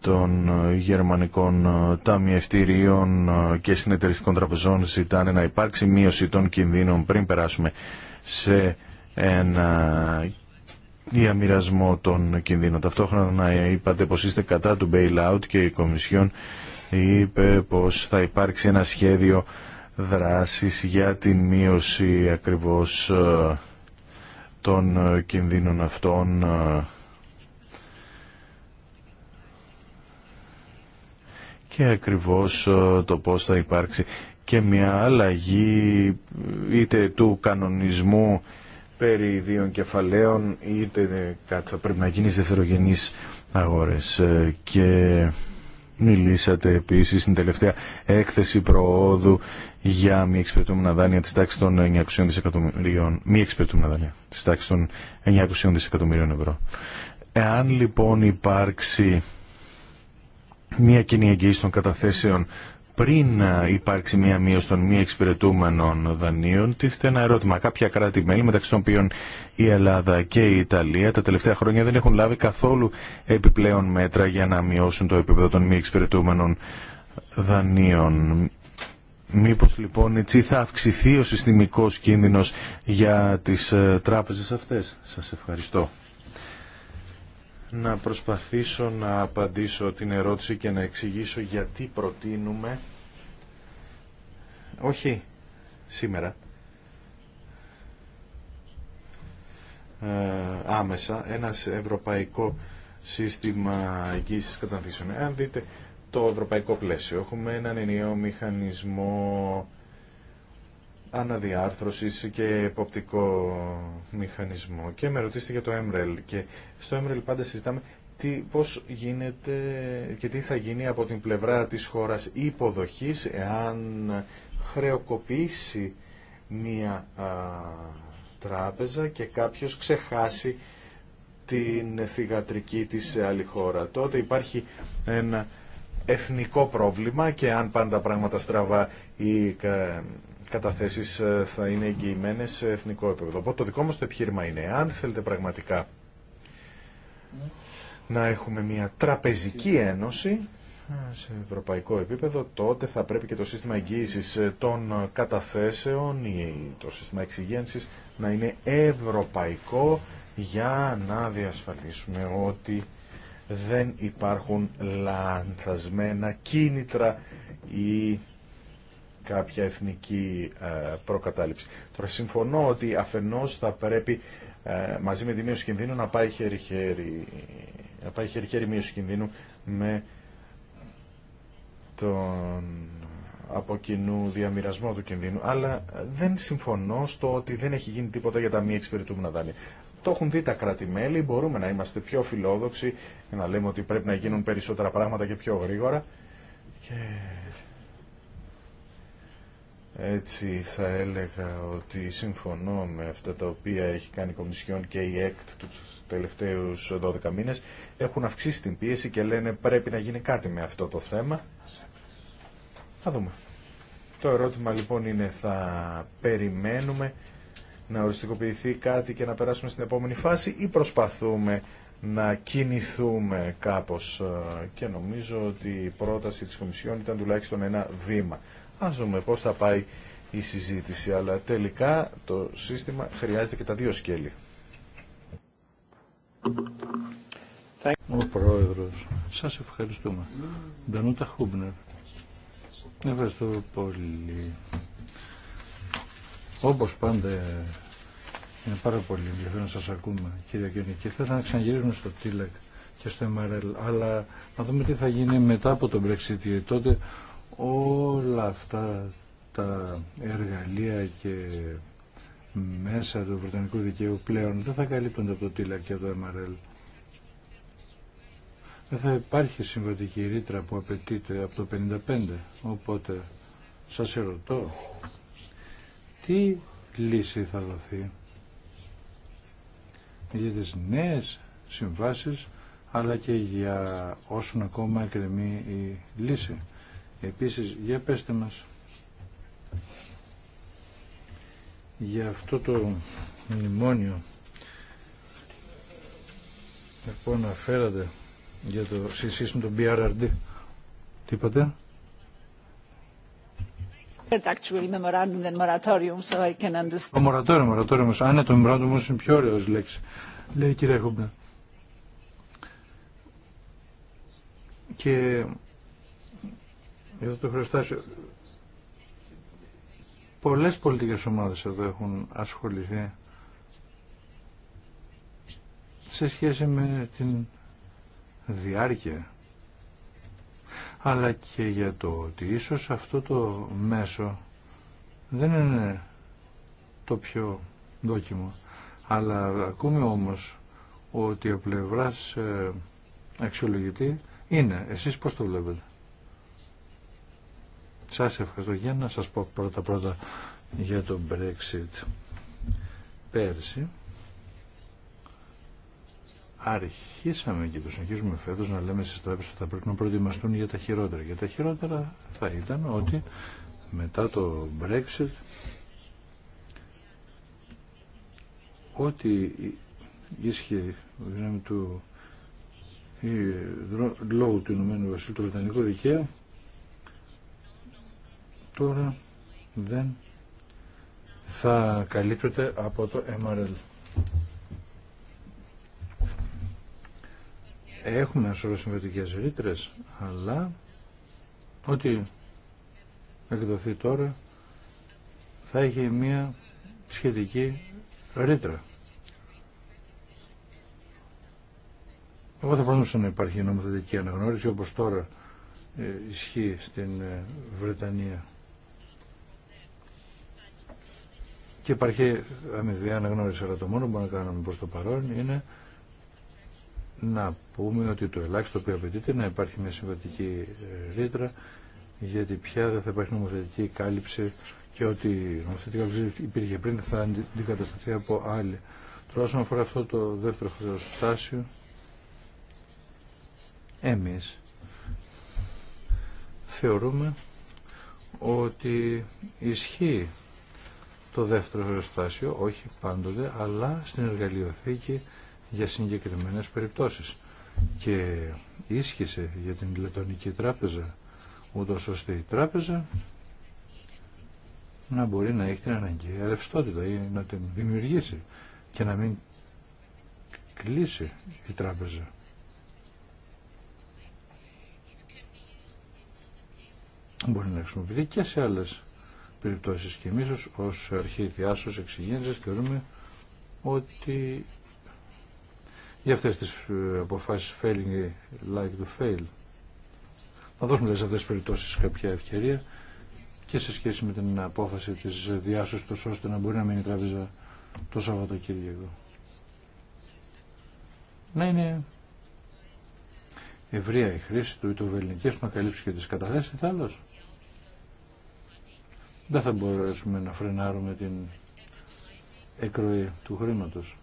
των γερμανικών ταμιευτηρίων και συνεταιριστικών τραπεζών ζητάνε να υπάρξει μείωση των κινδύνων πριν περάσουμε σε ένα διαμοιρασμό των κινδύνων. Ταυτόχρονα είπατε πως είστε κατά του bailout και η Κομισιόν είπε πως θα υπάρξει ένα σχέδιο δράσης για την μείωση ακριβώς ε, των κινδύνων αυτών ε, και ακριβώς ε, το πώς θα υπάρξει και μια αλλαγή είτε του κανονισμού περί ιδίων κεφαλαίων είτε κάτι θα πρέπει να γίνει δευτερογενείς αγορές. Ε, και μιλήσατε επίσης στην τελευταία έκθεση προόδου για μη εξυπηρετούμενα δάνεια της τάξης των 900 δισεκατομμυρίων, μη εξυπηρετούμενα της τάξης των 900 δισεκατομμυρίων ευρώ. Εάν λοιπόν υπάρξει μια κοινή εγγύηση των καταθέσεων πριν ε, υπάρξει μία μείωση των μη εξυπηρετούμενων δανείων, τίθεται ένα ερώτημα. Κάποια κράτη-μέλη, μεταξύ των οποίων η Ελλάδα και η Ιταλία, τα τελευταία χρόνια δεν έχουν λάβει καθόλου επιπλέον μέτρα για να μειώσουν το επίπεδο των μη εξυπηρετούμενων δανείων. Μήπως λοιπόν έτσι θα αυξηθεί ο συστημικός κίνδυνος για τις ε, τράπεζες αυτές. Σας ευχαριστώ να προσπαθήσω να απαντήσω την ερώτηση και να εξηγήσω γιατί προτείνουμε όχι σήμερα ε, άμεσα ένας ευρωπαϊκό σύστημα εγγύησης κατανθήσεων. Αν δείτε το ευρωπαϊκό πλαίσιο, έχουμε έναν ενιαίο μηχανισμό αναδιάρθρωσης και εποπτικό μηχανισμό. Και με ρωτήσετε για το MREL. Και στο MREL πάντα συζητάμε τι, πώς γίνεται και τι θα γίνει από την πλευρά της χώρας υποδοχής εάν χρεοκοπήσει μία τράπεζα και κάποιος ξεχάσει την θηγατρική της σε άλλη χώρα. Τότε υπάρχει ένα εθνικό πρόβλημα και αν πάντα πράγματα στραβά η καταθέσεις ε, θα είναι εγγυημένε σε εθνικό επίπεδο. Οπότε το δικό μα το επιχείρημα είναι, αν θέλετε πραγματικά να έχουμε μια τραπεζική ένωση σε ευρωπαϊκό επίπεδο, τότε θα πρέπει και το σύστημα εγγύησης ε, των καταθέσεων ή το σύστημα εξυγένσης να είναι ευρωπαϊκό για να διασφαλίσουμε ότι δεν υπάρχουν λανθασμένα κίνητρα ή κάποια εθνική ε, προκατάληψη. Τώρα συμφωνώ ότι αφενός θα πρέπει ε, μαζί με τη μείωση κινδύνου να πάει χέρι-χέρι να πάει χέρι-χέρι μείωση κινδύνου με τον από κοινού διαμοιρασμό του κινδύνου, αλλά δεν συμφωνώ στο ότι δεν έχει γίνει τίποτα για τα μη εξυπηρετούμενα δάνεια. Το έχουν δει τα κράτη-μέλη, μπορούμε να είμαστε πιο φιλόδοξοι, να λέμε ότι πρέπει να γίνουν περισσότερα πράγματα και πιο γρήγορα. Και έτσι θα έλεγα ότι συμφωνώ με αυτά τα οποία έχει κάνει η Κομισιόν και η ΕΚΤ τους τελευταίους 12 μήνες. Έχουν αυξήσει την πίεση και λένε πρέπει να γίνει κάτι με αυτό το θέμα. Θα δούμε. Το ερώτημα λοιπόν είναι θα περιμένουμε να οριστικοποιηθεί κάτι και να περάσουμε στην επόμενη φάση ή προσπαθούμε να κινηθούμε κάπως ε, και νομίζω ότι η πρόταση της Κομισιόν ήταν τουλάχιστον ένα βήμα. Ας δούμε πώς θα πάει η συζήτηση, αλλά τελικά το σύστημα χρειάζεται και τα δύο σκέλη. Ο Πρόεδρος, σας ευχαριστούμε. Ντανούτα Χούμπνερ. Ευχαριστώ πολύ. Όπως πάντα είναι πάρα πολύ ενδιαφέρον να σας ακούμε κύριε Κιονίκη. θέλω να ξαναγυρίσουμε στο Τίλεκ e και στο MRL. Αλλά να δούμε τι θα γίνει μετά από τον Brexit. Τότε όλα αυτά τα εργαλεία και μέσα του Βρετανικού Δικαίου πλέον δεν θα καλύπτονται από το ΤΙΛΑ και το MRL. Δεν θα υπάρχει συμβατική ρήτρα που απαιτείται από το 55. Οπότε σας ερωτώ, τι λύση θα δοθεί για τις νέες συμβάσεις αλλά και για όσον ακόμα εκκρεμεί η λύση. Επίσης, για πέστε μας για αυτό το μνημόνιο που λοιπόν, αναφέρατε για το με του BRRD. Τι είπατε? Ο μορατόριο, μορατόριο όμως. Α, ναι, το μορατόριο όμως είναι πιο ωραίος λέξη. Λέει η κυρία Χούμπνα. Και για αυτό το χρεωστάσιο. Πολλές πολιτικές ομάδες εδώ έχουν ασχοληθεί σε σχέση με την διάρκεια αλλά και για το ότι ίσως αυτό το μέσο δεν είναι το πιο δόκιμο αλλά ακούμε όμως ότι ο πλευράς ε, αξιολογητή είναι. Εσείς πώς το βλέπετε. Σας ευχαριστώ. Για να σας πω πρώτα πρώτα για το Brexit. Πέρσι αρχίσαμε και το συνεχίζουμε φέτος να λέμε στις τράπεζες ότι θα πρέπει να προετοιμαστούν για τα χειρότερα. Για τα χειρότερα θα ήταν ότι μετά το Brexit ό,τι ίσχυε δυνάμει του λόγου του Ηνωμένου Βασίλου, του Βρετανικού Δικαίου, τώρα δεν θα καλύπτεται από το MRL. Έχουμε ασοροσυμβετικές ρήτρες, αλλά ό,τι εκδοθεί τώρα θα έχει μία σχετική ρήτρα. Εγώ θα προνούσα να υπάρχει νομοθετική αναγνώριση όπως τώρα ε, ισχύει στην ε, Βρετανία. και υπάρχει αμοιβή αναγνώριση, αλλά το μόνο που μπορούμε να κάνουμε προ το παρόν είναι να πούμε ότι το ελάχιστο που απαιτείται να υπάρχει μια συμβατική ρήτρα γιατί πια δεν θα υπάρχει νομοθετική κάλυψη και ότι η νομοθετική κάλυψη υπήρχε πριν θα αντικατασταθεί από άλλη. Τώρα όσον αφορά αυτό το δεύτερο χρεοστάσιο Εμεί θεωρούμε ότι ισχύει το δεύτερο εργοστάσιο, όχι πάντοτε, αλλά στην εργαλειοθήκη για συγκεκριμένες περιπτώσεις. Και ίσχυσε για την Λετωνική Τράπεζα, ούτω ώστε η τράπεζα να μπορεί να έχει την αναγκαία ρευστότητα ή να την δημιουργήσει και να μην κλείσει η τράπεζα. Μπορεί να χρησιμοποιηθεί και σε άλλες περιπτώσεις και εμείς ως αρχή διάσωσης εξηγήνωσης θεωρούμε ότι για αυτές τις ε, αποφάσεις failing like to fail να δώσουμε σε αυτές τις περιπτώσεις κάποια ευκαιρία και σε σχέση με την απόφαση της διάσωσης του ώστε να μπορεί να μείνει η τραπέζα το Σαββατοκύριακο. Να είναι ευρεία η χρήση του ή το να καλύψει και τις καταθέσεις, δεν θα μπορέσουμε να φρενάρουμε την εκροή του χρήματος.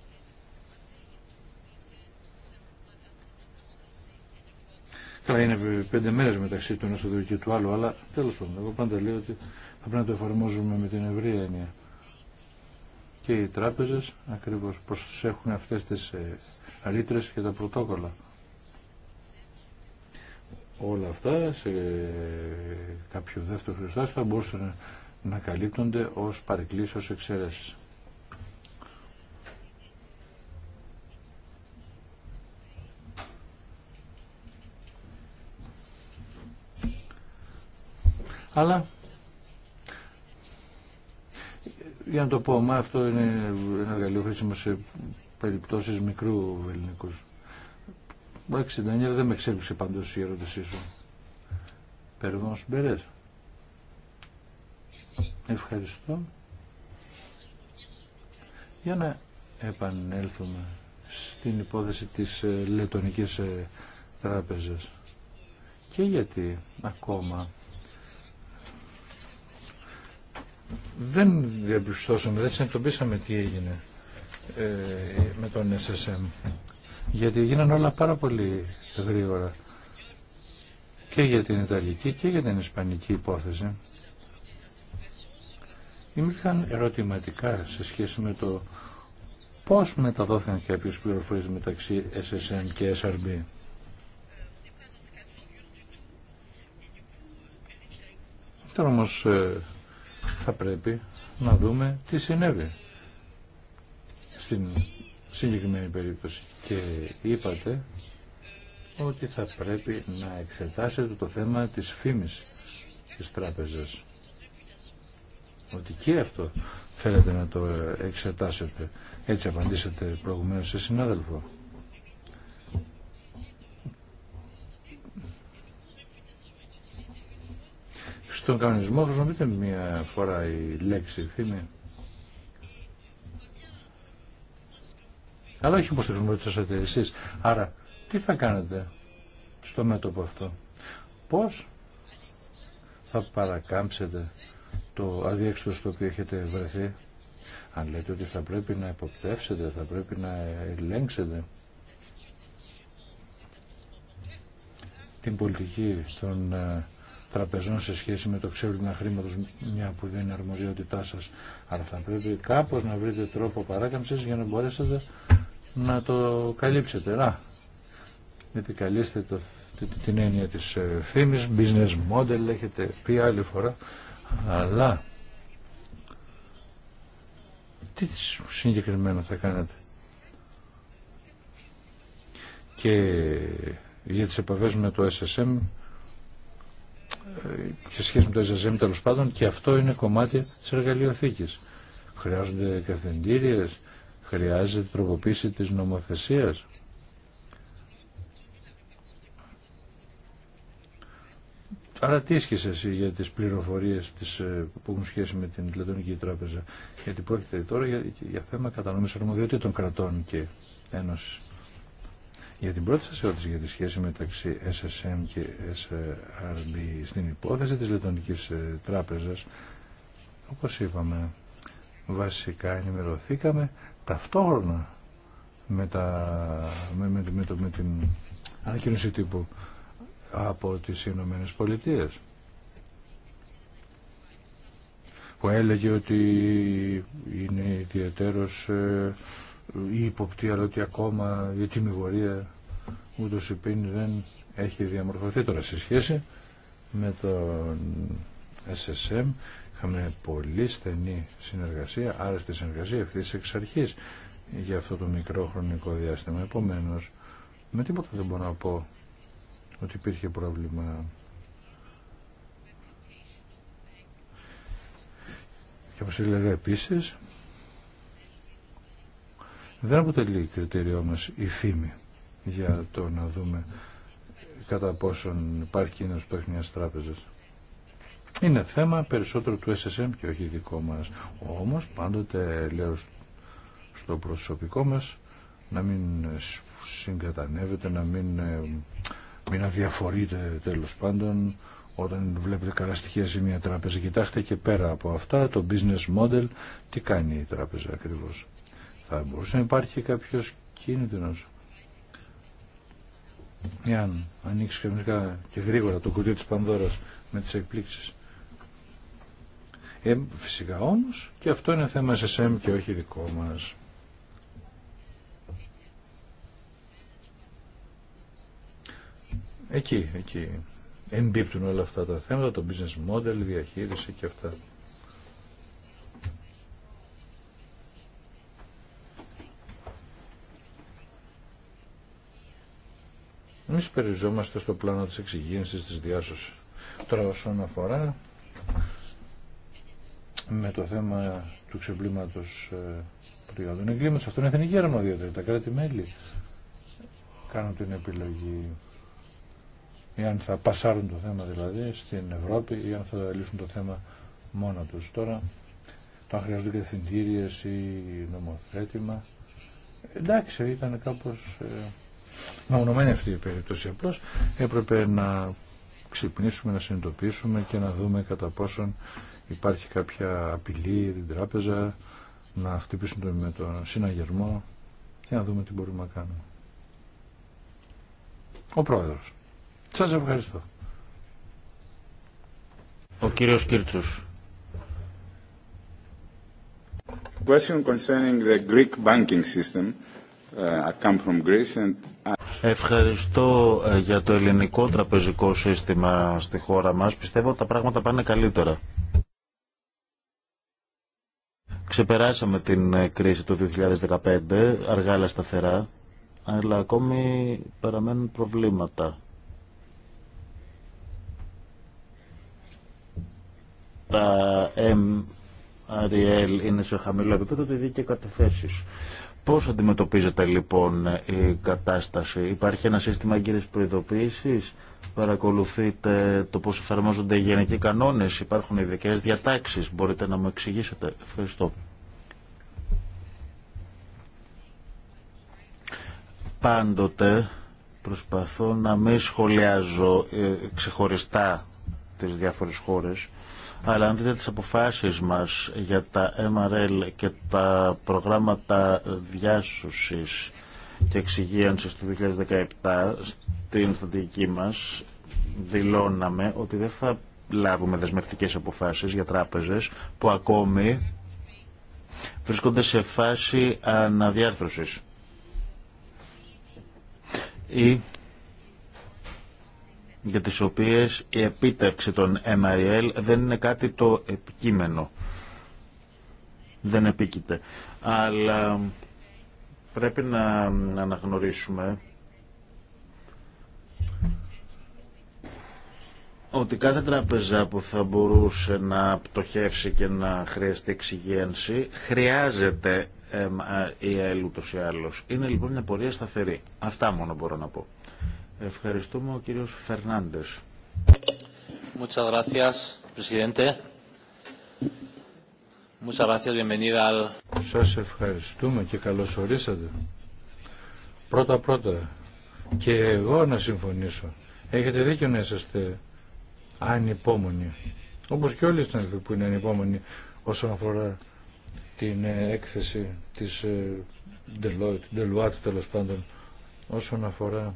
Καλά είναι πέντε μέρες μεταξύ του ενός και του άλλου, αλλά τέλος πάντων, εγώ πάντα λέω ότι θα πρέπει να το εφαρμόζουμε με την ευρία έννοια. Και οι τράπεζες ακριβώς έχουν αυτές τις αλήτρες ε, και τα πρωτόκολλα. Όλα αυτά σε κάποιο δεύτερο χρηστάσιο θα μπορούσαν να καλύπτονται ως παρεκκλήσεως εξαιρέσεις. Αλλά για να το πω, μα αυτό είναι ένα εργαλείο χρήσιμο σε περιπτώσεις μικρού ελληνικού. Εντάξει, Ντανιέλα, δεν με εξέλιξε παντός η ερώτησή σου. στους Μπερές. Ευχαριστώ. Για να επανέλθουμε στην υπόθεση της ε, Λετονικής ε, Τράπεζας. Και γιατί ακόμα δεν διαπιστώσαμε, δεν συνειδητοποίησαμε τι έγινε ε, με τον SSM. Γιατί γίνανε όλα πάρα πολύ γρήγορα. Και για την Ιταλική και για την Ισπανική υπόθεση. Υπήρχαν ερωτηματικά σε σχέση με το πώς μεταδόθηκαν κάποιες πληροφορίες μεταξύ SSM και SRB. Τώρα όμως ε, θα πρέπει να δούμε τι συνέβη στην συγκεκριμένη περίπτωση. Και είπατε ότι θα πρέπει να εξετάσετε το θέμα της φήμης της τράπεζας ότι και αυτό θέλετε να το εξετάσετε. Έτσι απαντήσατε προηγουμένως σε συνάδελφο. Στον κανονισμό χρησιμοποιείται μία φορά η λέξη φήμη. Αλλά όχι όπως το χρησιμοποιήσατε εσείς. Άρα, τι θα κάνετε στο μέτωπο αυτό. Πώς θα παρακάμψετε το αδιέξοδο στο οποίο έχετε βρεθεί. Αν λέτε ότι θα πρέπει να υποπτεύσετε, θα πρέπει να ελέγξετε την πολιτική των ε, τραπεζών σε σχέση με το ξέβλημα χρήματο, μια που δεν είναι αρμοδιότητά σας, αλλά θα πρέπει κάπως να βρείτε τρόπο παράκαμψης για να μπορέσετε να το καλύψετε. Να, επικαλείστε το, την έννοια της ε, φήμης, business model έχετε πει άλλη φορά αλλά τι συγκεκριμένα θα κάνετε. Και για τις επαφές με το SSM ε, και σχέση με το SSM τέλο πάντων και αυτό είναι κομμάτι της εργαλειοθήκης. Χρειάζονται καθεντήριες, χρειάζεται τροποποίηση της νομοθεσίας. Άρα τι ίσχυσε εσύ για τις πληροφορίες ε, που έχουν σχέση με την Λετωνική Τράπεζα. Γιατί πρόκειται τώρα για, για θέμα κατανομής αρμοδιοτήτων κρατών και ένωσης. Για την πρώτη σας ερώτηση για τη σχέση μεταξύ SSM και SRB στην υπόθεση της Λετωνικής ε, Τράπεζας, όπως είπαμε, βασικά ενημερωθήκαμε ταυτόχρονα με, τα, με, με, με, με την ανακοίνωση τύπου από τις Ηνωμένες Πολιτείες που έλεγε ότι είναι ιδιαίτερος ε, η υποπτή αλλά ότι ακόμα η τιμιγορία ούτως υπήν δεν έχει διαμορφωθεί τώρα σε σχέση με τον SSM είχαμε πολύ στενή συνεργασία άρεστη συνεργασία αυτή εξ αρχής για αυτό το μικρό χρονικό διάστημα επομένως με τίποτα δεν μπορώ να πω ότι υπήρχε πρόβλημα. Και όπως έλεγα επίσης, δεν αποτελεί κριτήριό μας η φήμη για το να δούμε κατά πόσον υπάρχει κίνδυνος που έχει Είναι θέμα περισσότερο του SSM και όχι δικό μας. Όμως πάντοτε λέω στο προσωπικό μας να μην συγκατανεύεται, να μην ε, μην αδιαφορείτε τέλος πάντων όταν βλέπετε καλά στοιχεία σε μια τράπεζα. Κοιτάξτε και πέρα από αυτά το business model, τι κάνει η τράπεζα ακριβώς. Θα μπορούσε να υπάρχει κάποιος κίνδυνος. Μιαν, ανοίξει και γρήγορα το κουτί της Πανδώρας με τις εκπλήξεις. Ε, φυσικά όμως και αυτό είναι θέμα SSM και όχι δικό μας. Εκεί, εκεί εμπίπτουν όλα αυτά τα θέματα, το business model, διαχείριση και αυτά. Εμεί περιζόμαστε στο πλάνο της εξυγίνησης της διάσωσης. Τώρα όσον αφορά με το θέμα του ξεπλήματος ε, προϊόντων εγκλήματος, αυτό είναι εθνική αρμοδιότητα. Τα κράτη-μέλη κάνουν την επιλογή ή αν θα πασάρουν το θέμα δηλαδή στην Ευρώπη ή αν θα λύσουν το θέμα μόνο τους. Τώρα, το αν χρειάζονται κατευθυντήριες ή νομοθέτημα, εντάξει, ήταν κάπως ε, μαγνωμένη αυτή η περίπτωση. Απλώς περιπτωση απλώ επρεπε να ξυπνήσουμε, να συνειδητοποιήσουμε και να δούμε κατά πόσον υπάρχει κάποια απειλή την τράπεζα, να χτυπήσουν το, με τον συναγερμό και να δούμε τι μπορούμε να κάνουμε. Ο πρόεδρος. Σας ευχαριστώ. Ο κύριος I... Ευχαριστώ ε, για το ελληνικό τραπεζικό σύστημα στη χώρα μας. Πιστεύω ότι τα πράγματα πάνε καλύτερα. Ξεπεράσαμε την ε, κρίση του 2015, αργά αλλά σταθερά, αλλά ακόμη παραμένουν προβλήματα. τα MRL είναι σε χαμηλό επίπεδο, το ίδιο και κατεθέσει. Πώ αντιμετωπίζετε λοιπόν η κατάσταση, υπάρχει ένα σύστημα εγκύρης προειδοποίηση. παρακολουθείτε το πώ εφαρμόζονται οι γενικοί κανόνες, υπάρχουν ειδικέ διατάξεις, μπορείτε να μου εξηγήσετε. Ευχαριστώ. Πάντοτε προσπαθώ να μην σχολιάζω ε, ξεχωριστά τις διάφορες χώρες αλλά αν δείτε τις αποφάσεις μας για τα MRL και τα προγράμματα διάσωσης και εξυγίανσης του 2017 στην στατική μας δηλώναμε ότι δεν θα λάβουμε δεσμευτικές αποφάσεις για τράπεζες που ακόμη βρίσκονται σε φάση αναδιάρθρωσης για τις οποίες η επίτευξη των MRL δεν είναι κάτι το επικείμενο. Δεν επίκειται. Αλλά πρέπει να αναγνωρίσουμε ότι κάθε τράπεζα που θα μπορούσε να πτωχεύσει και να χρειαστεί εξυγένση χρειάζεται η ΑΕΛ ούτως ή άλλως. Είναι λοιπόν μια πορεία σταθερή. Αυτά μόνο μπορώ να πω. Ευχαριστούμε ο κύριος Φερνάντες. Muchas gracias, presidente. Muchas gracias, bienvenida al... Σας ευχαριστούμε και καλώς ορίσατε. Πρώτα πρώτα και εγώ να συμφωνήσω. Έχετε δίκιο να είσαστε ανυπόμονοι. Όπως και όλοι οι συνάδελφοι που είναι ανυπόμονοι όσον αφορά την ε, έκθεση της ε, Deloitte, Deloitte τέλος πάντων, όσον αφορά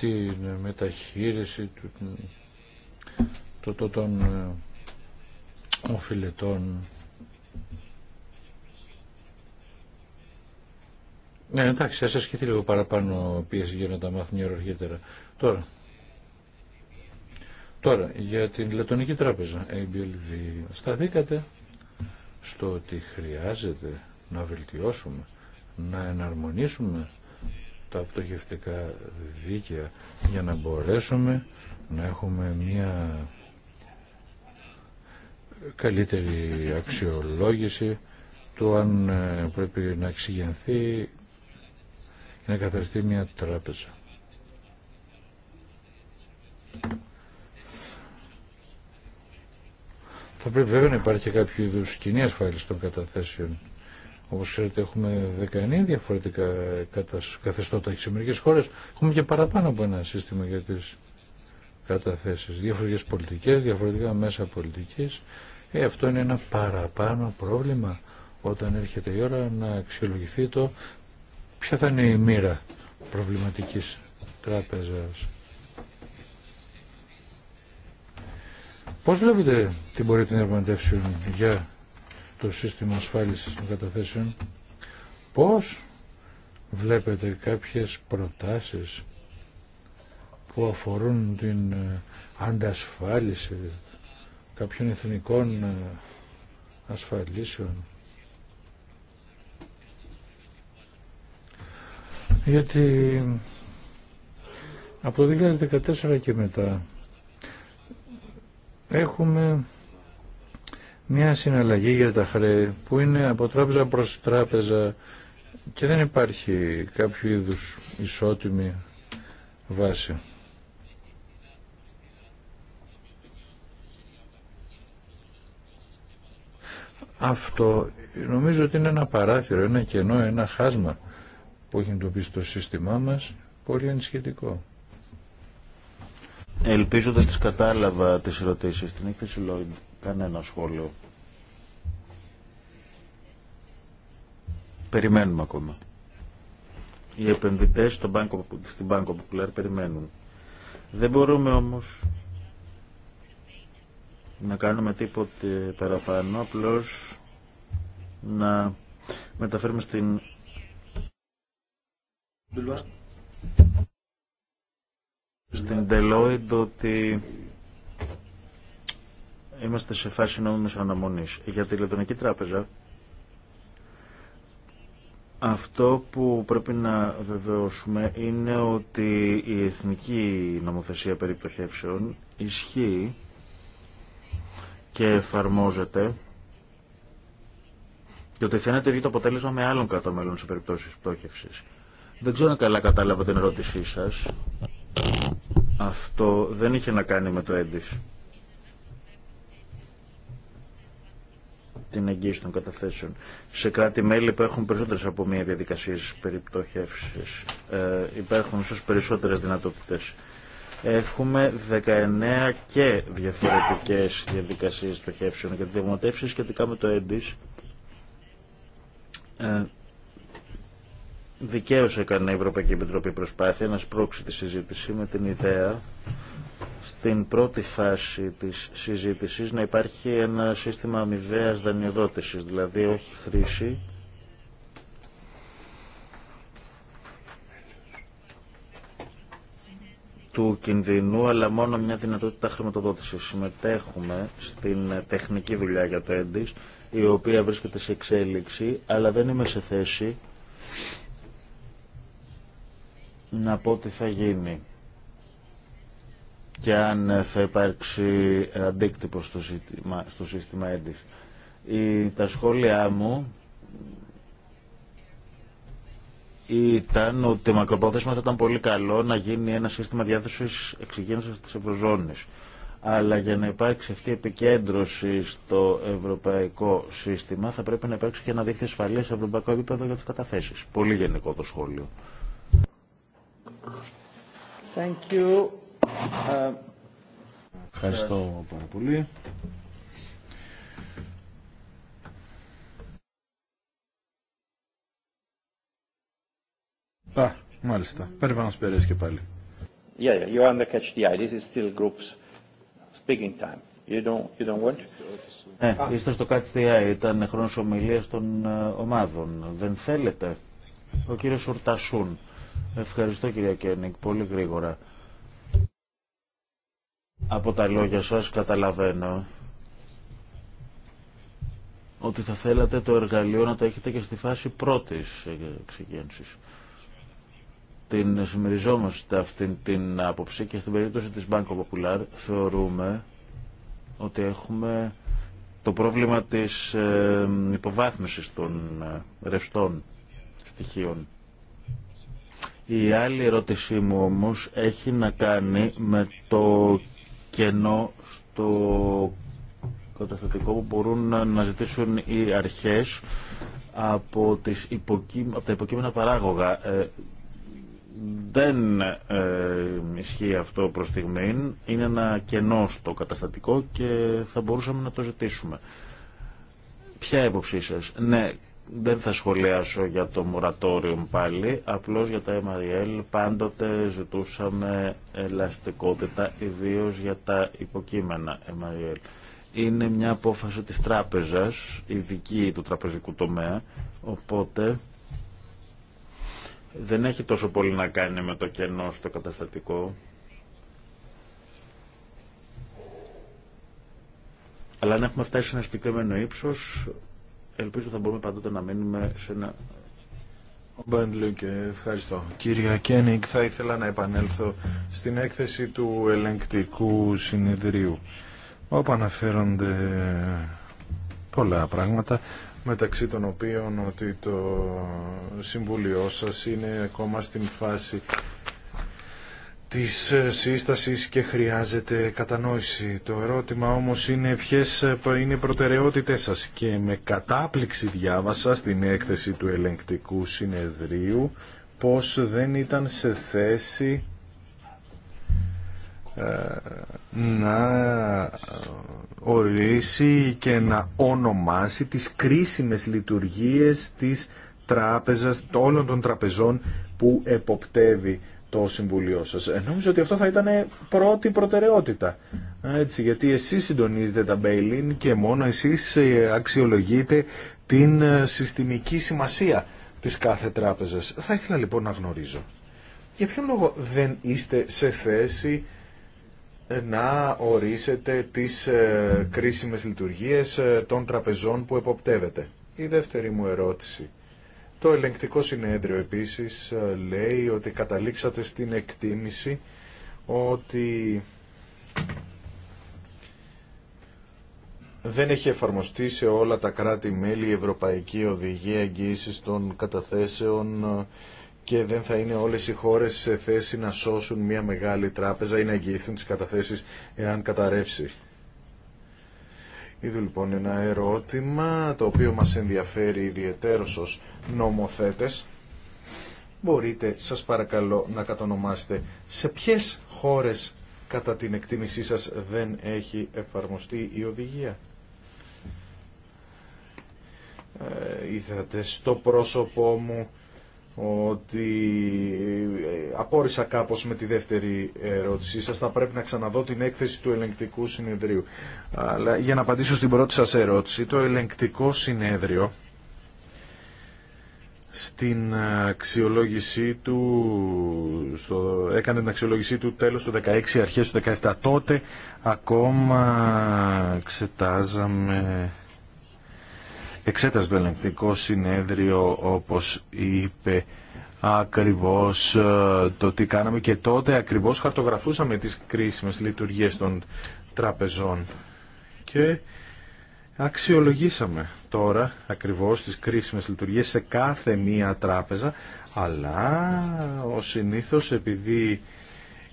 την μεταχείριση του, των ε, οφειλετών. Ναι, εντάξει, ας ασκηθεί λίγο παραπάνω πίεση για να τα μάθουν ώρα Τώρα, τώρα, για την Λετωνική Τράπεζα, ABLV, σταθήκατε στο ότι χρειάζεται να βελτιώσουμε, να εναρμονίσουμε τα πτωχευτικά δίκαια για να μπορέσουμε να έχουμε μια καλύτερη αξιολόγηση του αν ε, πρέπει να εξηγενθεί και να καθαριστεί μια τράπεζα. Θα πρέπει βέβαια να υπάρχει κάποιο είδου κοινή ασφάλιση των καταθέσεων Όπω ξέρετε έχουμε 19 διαφορετικά καθεστώτα και σε μερικέ χώρες έχουμε και παραπάνω από ένα σύστημα για τι καταθέσει. Διαφορετικέ πολιτικές, διαφορετικά μέσα πολιτική. Ε, αυτό είναι ένα παραπάνω πρόβλημα όταν έρχεται η ώρα να αξιολογηθεί το ποια θα είναι η μοίρα προβληματικής τράπεζας. Πώς βλέπετε την πορεία των ερμαντεύσεων για το σύστημα ασφάλισης των καταθέσεων. Πώς βλέπετε κάποιες προτάσεις που αφορούν την ε, αντασφάλιση κάποιων εθνικών ε, ασφαλίσεων. Γιατί από το 2014 και μετά έχουμε μια συναλλαγή για τα χρέη που είναι από τράπεζα προς τράπεζα και δεν υπάρχει κάποιο είδους ισότιμη βάση. Αυτό νομίζω ότι είναι ένα παράθυρο, ένα κενό, ένα χάσμα που έχει εντοπίσει το σύστημά μας, πολύ ενισχυτικό. Ελπίζω ότι τις κατάλαβα τις ερωτήσεις Την έκθεση κανένα σχόλιο. Περιμένουμε ακόμα. Οι επενδυτές στην Banco Popular περιμένουν. Δεν μπορούμε όμως να κάνουμε τίποτε παραπάνω, απλώς να μεταφέρουμε στην... Στην Deloitte ότι Είμαστε σε φάση νόμιμης αναμονής. Για τη Λεπτονική Τράπεζα, αυτό που πρέπει να βεβαιώσουμε είναι ότι η εθνική νομοθεσία περί πτωχεύσεων ισχύει και εφαρμόζεται και ότι θα είναι το αποτέλεσμα με άλλων κατώμελων σε περιπτώσεις πτώχευσης. Δεν ξέρω αν καλά κατάλαβα την ερώτησή σας. Αυτό δεν είχε να κάνει με το έντις. την εγγύηση των καταθέσεων. Σε κράτη-μέλη που έχουν περισσότερες από μία διαδικασίες περιπτωχεύσεις ε, υπάρχουν ίσως περισσότερες δυνατότητες. Έχουμε 19 και διαφορετικέ διαδικασίες στοχεύσεων και διαμοτεύσει σχετικά με το ΕΝΤΙΣ. Ε, Δικαίω έκανε η Ευρωπαϊκή Επιτροπή προσπάθεια να σπρώξει τη συζήτηση με την ιδέα στην πρώτη φάση της συζήτησης να υπάρχει ένα σύστημα αμοιβαίας δανειοδότησης, δηλαδή όχι χρήση, του κινδυνού, αλλά μόνο μια δυνατότητα χρηματοδότησης Συμμετέχουμε στην τεχνική δουλειά για το ΕΝΤΙΣ, η οποία βρίσκεται σε εξέλιξη, αλλά δεν είμαι σε θέση να πω τι θα γίνει και αν θα υπάρξει αντίκτυπο στο σύστημα, στο σύστημα τα σχόλιά μου ήταν ότι μακροπρόθεσμα θα ήταν πολύ καλό να γίνει ένα σύστημα διάθεσης εξυγένωσης της Ευρωζώνης. Αλλά για να υπάρξει αυτή η επικέντρωση στο ευρωπαϊκό σύστημα θα πρέπει να υπάρξει και ένα δίκτυο ασφαλείας σε ευρωπαϊκό επίπεδο για τις καταθέσεις. Πολύ γενικό το σχόλιο. Thank you. Ευχαριστώ πάρα πολύ. Α, μάλιστα. να και πάλι. είστε ναι, στο catch Ήταν χρόνο ομιλία των ε, ομάδων. Δεν θέλετε. Ο κύριος ορτασούν. Ευχαριστώ κύριε Κένικ. Πολύ γρήγορα. Από τα λόγια σας καταλαβαίνω ότι θα θέλατε το εργαλείο να το έχετε και στη φάση πρώτης εξυγένσης. Την συμμεριζόμαστε αυτή την άποψη και στην περίπτωση της Banco Popular θεωρούμε ότι έχουμε το πρόβλημα της ε, υποβάθμισης των ε, ρευστών στοιχείων. Η άλλη ερώτησή μου όμως έχει να κάνει με το κενό στο καταστατικό που μπορούν να ζητήσουν οι αρχές από, τις τα υποκείμενα παράγωγα. Ε, δεν ε, ισχύει αυτό προς στιγμήν. Είναι ένα κενό στο καταστατικό και θα μπορούσαμε να το ζητήσουμε. Ποια έποψή σας. Ναι, δεν θα σχολιάσω για το μορατόριο πάλι, απλώς για τα MRL πάντοτε ζητούσαμε ελαστικότητα, ιδίως για τα υποκείμενα MRL. Είναι μια απόφαση της τράπεζας, ειδική του τραπεζικού τομέα, οπότε δεν έχει τόσο πολύ να κάνει με το κενό στο καταστατικό. Αλλά αν έχουμε φτάσει σε ένα συγκεκριμένο ύψος, ελπίζω θα μπορούμε παντότε να μείνουμε σε ένα... και ευχαριστώ. Κύριε Κένιγκ, θα ήθελα να επανέλθω στην έκθεση του ελεγκτικού συνεδρίου, όπου αναφέρονται πολλά πράγματα, μεταξύ των οποίων ότι το Συμβούλιο σας είναι ακόμα στην φάση της ε, σύστασης και χρειάζεται κατανόηση. Το ερώτημα όμως είναι ποιες ε, είναι οι προτεραιότητες σας και με κατάπληξη διάβασα στην έκθεση του ελεγκτικού συνεδρίου πως δεν ήταν σε θέση ε, να ορίσει και να ονομάσει τις κρίσιμες λειτουργίες της τράπεζας, όλων των τραπεζών που εποπτεύει το Συμβουλίο σας. Ε, νομίζω ότι αυτό θα ήταν πρώτη προτεραιότητα. Έτσι, γιατί εσείς συντονίζετε τα Μπέιλιν και μόνο εσείς ε, αξιολογείτε την ε, συστημική σημασία της κάθε τράπεζας. Θα ήθελα λοιπόν να γνωρίζω. Για ποιον λόγο δεν είστε σε θέση να ορίσετε τις κρίσιμες λειτουργίες των τραπεζών που εποπτεύετε. Η δεύτερη μου ερώτηση το ελεγκτικό συνέδριο επίσης ε, λέει ότι καταλήξατε στην εκτίμηση ότι δεν έχει εφαρμοστεί σε όλα τα κράτη-μέλη η Ευρωπαϊκή Οδηγία Εγγύησης των Καταθέσεων ε, και δεν θα είναι όλες οι χώρες σε θέση να σώσουν μια μεγάλη τράπεζα ή να εγγυηθούν τις καταθέσεις εάν καταρρεύσει. Είδου λοιπόν ένα ερώτημα το οποίο μας ενδιαφέρει ιδιαιτέρως ως νομοθέτες. Μπορείτε σας παρακαλώ να κατονομάσετε σε ποιες χώρες κατά την εκτίμησή σας δεν έχει εφαρμοστεί η οδηγία. Ε, είδατε στο πρόσωπό μου ότι ε, απόρρισα κάπως με τη δεύτερη ερώτησή σας. Θα πρέπει να ξαναδώ την έκθεση του ελεγκτικού συνεδρίου. Αλλά για να απαντήσω στην πρώτη σας ερώτηση, το ελεγκτικό συνέδριο στην αξιολόγησή του, στο, έκανε την αξιολόγησή του τέλος του 16, αρχές του 17. Τότε ακόμα εξετάζαμε εξέτασε το ελεγκτικό συνέδριο όπως είπε ακριβώς ε, το τι κάναμε και τότε ακριβώς χαρτογραφούσαμε τις κρίσιμες λειτουργίες των τραπεζών και αξιολογήσαμε τώρα ακριβώς τις κρίσιμες λειτουργίες σε κάθε μία τράπεζα αλλά ο συνήθως επειδή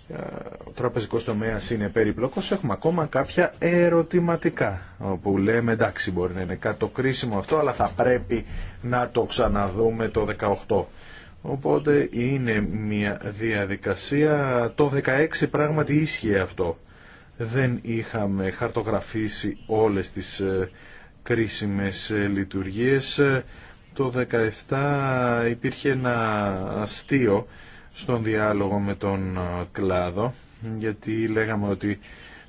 ε, ο τραπεζικός τομέας είναι περίπλοκος, έχουμε ακόμα κάποια ερωτηματικά, όπου λέμε εντάξει μπορεί να είναι κάτι το κρίσιμο αυτό, αλλά θα πρέπει να το ξαναδούμε το 18. Οπότε είναι μια διαδικασία, το 16 πράγματι ίσχυε αυτό. Δεν είχαμε χαρτογραφήσει όλες τις ε, κρίσιμες ε, λειτουργίες. Το 17 υπήρχε ένα αστείο στον διάλογο με τον ε, κλάδο, γιατί λέγαμε ότι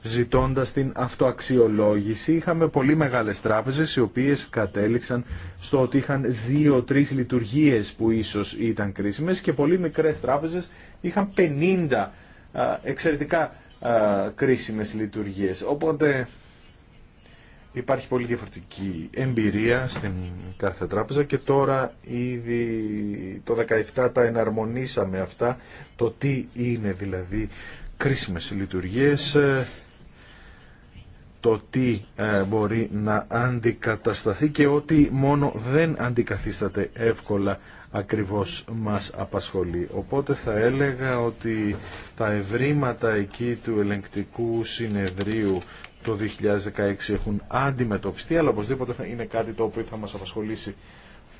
ζητώντας την αυτοαξιολόγηση είχαμε πολύ μεγάλες τράπεζες οι οποίες κατέληξαν στο ότι είχαν δύο-τρεις λειτουργίες που ίσως ήταν κρίσιμες και πολύ μικρές τράπεζες είχαν 50 ε, εξαιρετικά ε, κρίσιμες λειτουργίες. Οπότε υπάρχει πολύ διαφορετική εμπειρία στην κάθε τράπεζα και τώρα ήδη το 17 τα εναρμονίσαμε αυτά, το τι είναι δηλαδή κρίσιμες λειτουργίες, ε, το τι ε, μπορεί να αντικατασταθεί και ότι μόνο δεν αντικαθίσταται εύκολα ακριβώς μας απασχολεί. Οπότε θα έλεγα ότι τα ευρήματα εκεί του ελεγκτικού συνεδρίου το 2016 έχουν αντιμετωπιστεί, αλλά οπωσδήποτε είναι κάτι το οποίο θα μας απασχολήσει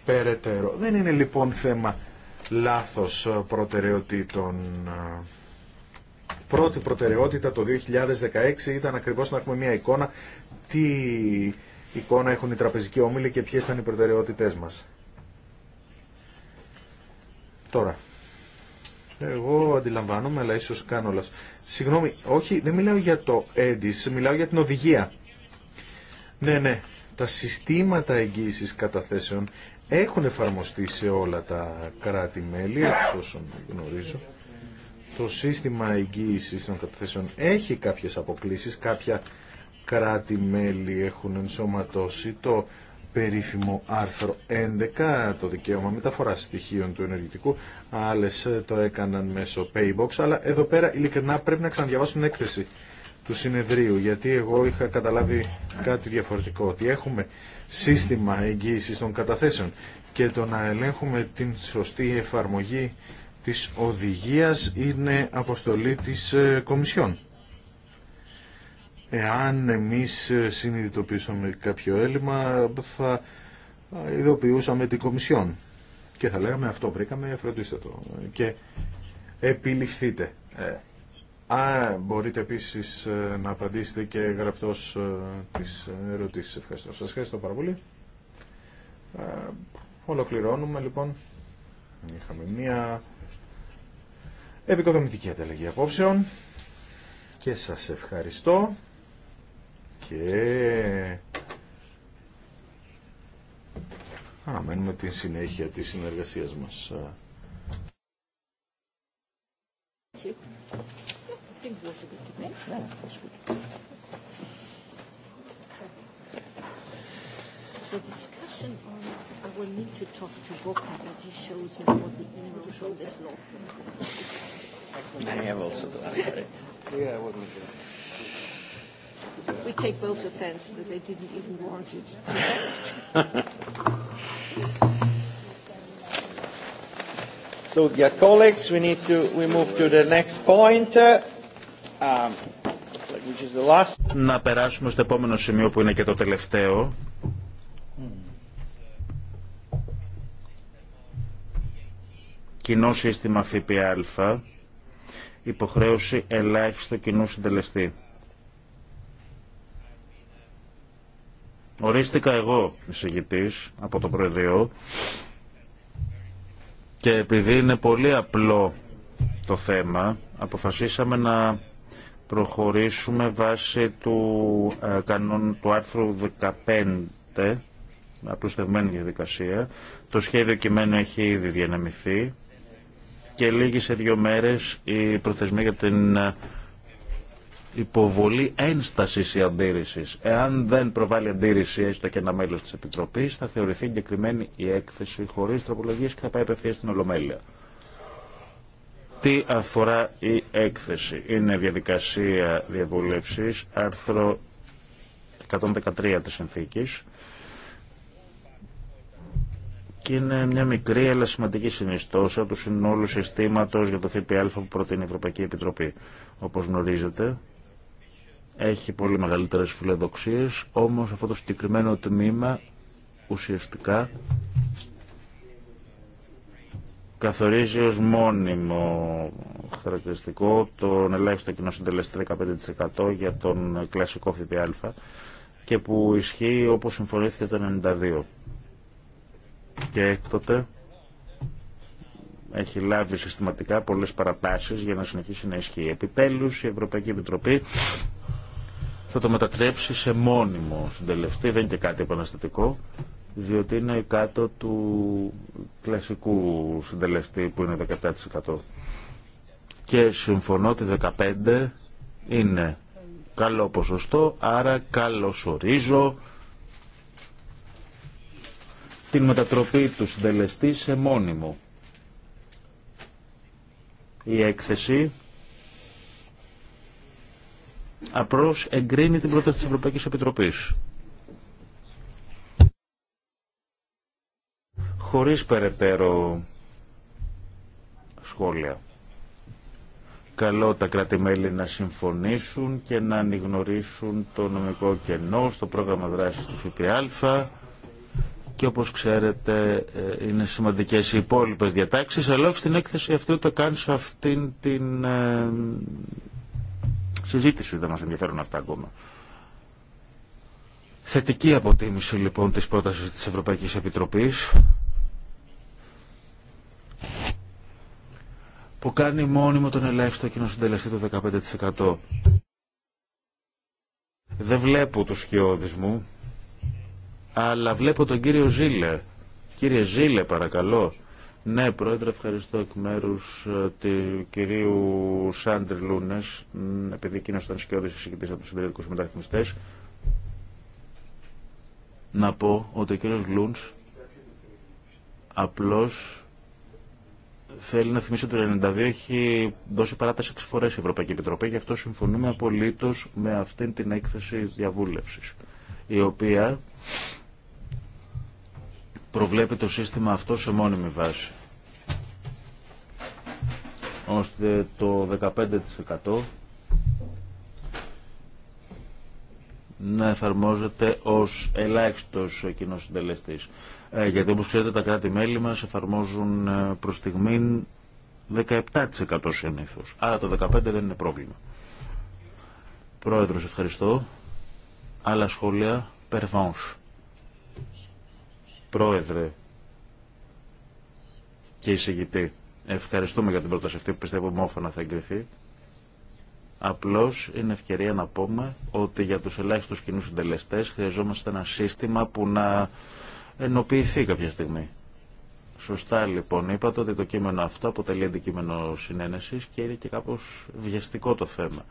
περαιτέρω. Δεν είναι λοιπόν θέμα λάθος προτεραιοτήτων. Πρώτη προτεραιότητα το 2016 ήταν ακριβώς να έχουμε μια εικόνα τι εικόνα έχουν οι τραπεζικοί όμιλοι και ποιες ήταν οι προτεραιότητές μας. Τώρα, εγώ αντιλαμβάνομαι, αλλά ίσω κάνω όλα. Συγγνώμη, όχι, δεν μιλάω για το έντις, μιλάω για την οδηγία. Ναι, ναι, τα συστήματα εγγύηση καταθέσεων έχουν εφαρμοστεί σε όλα τα κράτη-μέλη, όσων γνωρίζω. Το σύστημα εγγύηση των καταθέσεων έχει αποκλήσει. αποκλήσεις, κάποια κράτη-μέλη έχουν ενσωματώσει το περίφημο άρθρο 11, το δικαίωμα μεταφορά στοιχείων του ενεργητικού. άλλε ε, το έκαναν μέσω Paybox, αλλά εδώ πέρα ειλικρινά πρέπει να ξαναδιαβάσω έκθεση του συνεδρίου, γιατί εγώ είχα καταλάβει κάτι διαφορετικό, ότι έχουμε σύστημα εγγύηση των καταθέσεων και το να ελέγχουμε την σωστή εφαρμογή της οδηγίας είναι αποστολή της ε, Κομισιόν. Εάν εμείς συνειδητοποιήσουμε κάποιο έλλειμμα θα ειδοποιούσαμε την Κομισιόν και θα λέγαμε αυτό βρήκαμε, φροντίστε το και επιληφθείτε. Ε, α, μπορείτε επίσης ε, να απαντήσετε και γραπτός ε, τις ερωτήσεις. Ευχαριστώ. Σας ευχαριστώ πάρα πολύ. Ε, ολοκληρώνουμε λοιπόν. Είχαμε μία επικοδομητική ανταλλαγή απόψεων και σας ευχαριστώ και αναμένουμε την συνέχεια της συνεργασίας μας. The discussion on I will need to talk to Boca that he shows me what the EU show this law. I have also done. Yeah, I wasn't We take both offense that they didn't even warrant it. So, dear colleagues, we need to we move to the next point. Um, which is the last. Να περάσουμε στο επόμενο σημείο που είναι και το τελευταίο. Κοινό σύστημα ΦΠΑ, υποχρέωση ελάχιστο κοινού συντελεστή. Ορίστηκα εγώ εισηγητής από το Προεδρείο και επειδή είναι πολύ απλό το θέμα, αποφασίσαμε να προχωρήσουμε βάσει του, ε, του άρθρου 15, απλουστευμένη διαδικασία. Το σχέδιο κειμένου έχει ήδη διανεμηθεί και λίγη σε δύο μέρες η προθεσμία για την ε, υποβολή ένστασης ή αντίρρησης. Εάν δεν προβάλλει αντίρρηση ένσταση η αντιρρηση εαν δεν προβαλλει αντιρρηση εστω και ενα μέλο τη επιτροπή, θα θεωρηθει εγκεκριμενη η εκθεση χωρί τροπολογίε και θα πάει απευθεία στην Ολομέλεια. Τι αφορά η έκθεση. Είναι διαδικασία διαβούλευση, άρθρο 113 της συνθήκης και είναι μια μικρή αλλά σημαντική συνιστόσα του συνόλου συστήματο για το ΦΠΑ που προτείνει η Ευρωπαϊκή Επιτροπή. όπω γνωρίζετε, έχει πολύ μεγαλύτερες φιλοδοξίες, όμως αυτό το συγκεκριμένο τμήμα ουσιαστικά καθορίζει ως μόνιμο χαρακτηριστικό τον ελάχιστο κοινό συντελεστή 15% για τον κλασικό ΦΠΑ και που ισχύει όπως συμφωνήθηκε το 92. Και έκτοτε έχει λάβει συστηματικά πολλές παρατάσεις για να συνεχίσει να ισχύει. Επιτέλους η Ευρωπαϊκή Επιτροπή θα το μετατρέψει σε μόνιμο συντελεστή, δεν είναι και κάτι επαναστατικό, διότι είναι κάτω του κλασικού συντελεστή που είναι 17%. Και συμφωνώ ότι 15% είναι καλό ποσοστό, άρα καλωσορίζω την μετατροπή του συντελεστή σε μόνιμο. Η έκθεση Απλώς εγκρίνει την πρόταση της Ευρωπαϊκής Επιτροπής. Χωρίς περαιτέρω σχόλια. Καλό τα κράτη-μέλη να συμφωνήσουν και να ανιγνωρίσουν το νομικό κενό στο πρόγραμμα δράσης του ΦΠΑ και όπως ξέρετε ε, είναι σημαντικές οι υπόλοιπες διατάξεις αλλά όχι στην έκθεση αυτή το κάνεις σε αυτήν την ε, συζήτηση δεν μας ενδιαφέρουν αυτά ακόμα. Θετική αποτίμηση λοιπόν της πρότασης της Ευρωπαϊκής Επιτροπής που κάνει μόνιμο τον ελάχιστο κοινό συντελεστή του 15%. Δεν βλέπω τους σκιώδης μου, αλλά βλέπω τον κύριο Ζήλε. Κύριε Ζήλε παρακαλώ, ναι, Πρόεδρε, ευχαριστώ εκ μέρου ε, του κυρίου Σάντρι Λούνε, επειδή εκείνο ήταν σκιώδη εισηγητή από του συντηρητικού μεταρρυθμιστέ. Να πω ότι ο κύριο Λούν απλώ θέλει να θυμίσει ότι το 1992 έχει δώσει παράταση 6 φορέ η Ευρωπαϊκή Επιτροπή, γι' αυτό συμφωνούμε απολύτω με αυτήν την έκθεση διαβούλευση, η οποία προβλέπει το σύστημα αυτό σε μόνιμη βάση. Ώστε το 15% να εφαρμόζεται ως ελάχιστος κοινό συντελεστής. Ε, γιατί όπως ξέρετε τα κράτη-μέλη μας εφαρμόζουν ε, προς στιγμή 17% συνήθως. Άρα το 15% δεν είναι πρόβλημα. Πρόεδρος, ευχαριστώ. Άλλα σχόλια, Περφάνσου πρόεδρε και εισηγητή. Ευχαριστούμε για την πρόταση αυτή που πιστεύω μόφωνα θα εγκριθεί. Απλώς είναι ευκαιρία να πούμε ότι για τους ελάχιστους κοινούς συντελεστέ χρειαζόμαστε ένα σύστημα που να ενοποιηθεί κάποια στιγμή. Σωστά λοιπόν είπατε ότι το κείμενο αυτό αποτελεί αντικείμενο συνένεσης και είναι και κάπως βιαστικό το θέμα.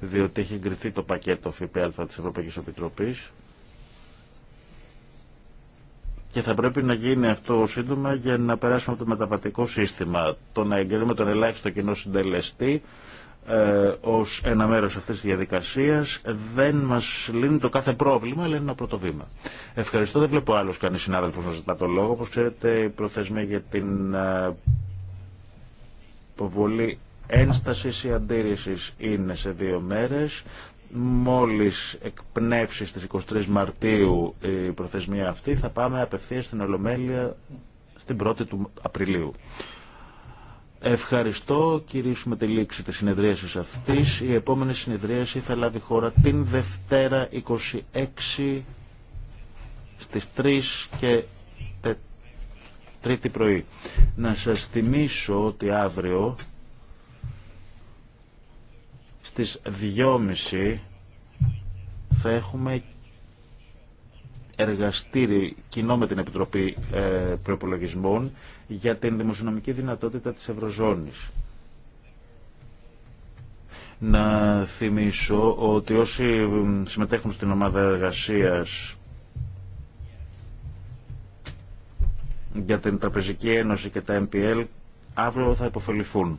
Διότι έχει εγκριθεί το πακέτο ΦΠΑ της Ευρωπαϊκής Επιτροπής και θα πρέπει να γίνει αυτό σύντομα για να περάσουμε από το μεταβατικό σύστημα. Το να εγκρίνουμε τον ελάχιστο κοινό συντελεστή ε, ως ένα μέρος αυτής της διαδικασίας δεν μας λύνει το κάθε πρόβλημα, αλλά είναι ένα πρώτο βήμα. Ευχαριστώ. Δεν βλέπω άλλος κανείς συνάδελφος να ζητά το λόγο. Όπως ξέρετε, οι προθεσμία για την ε, υποβολή ένστασης ή αντίρρησης είναι σε δύο μέρες. Μόλις εκπνεύσει στις 23 Μαρτίου η προθεσμία αυτή, θα πάμε απευθείας στην Ολομέλεια στην 1η του Απριλίου. Ευχαριστώ. Κυρίσουμε τη λήξη της συνεδρίασης αυτής. Η επόμενη συνεδρίαση θα λάβει χώρα την Δευτέρα 26 στις 3 και 3η πρωί. Να σας θυμίσω ότι αύριο στις 2.30 θα έχουμε εργαστήρι κοινό με την Επιτροπή ε, Προπολογισμών για την δημοσιονομική δυνατότητα της Ευρωζώνης. Να θυμίσω ότι όσοι συμμετέχουν στην ομάδα εργασίας για την Τραπεζική Ένωση και τα MPL αύριο θα υποφεληθούν.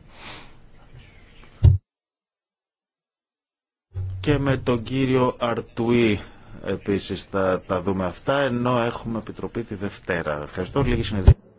και με τον κύριο Αρτουή επίσης θα τα δούμε αυτά, ενώ έχουμε επιτροπή τη Δευτέρα. Ευχαριστώ. Λίγη συνεδρία.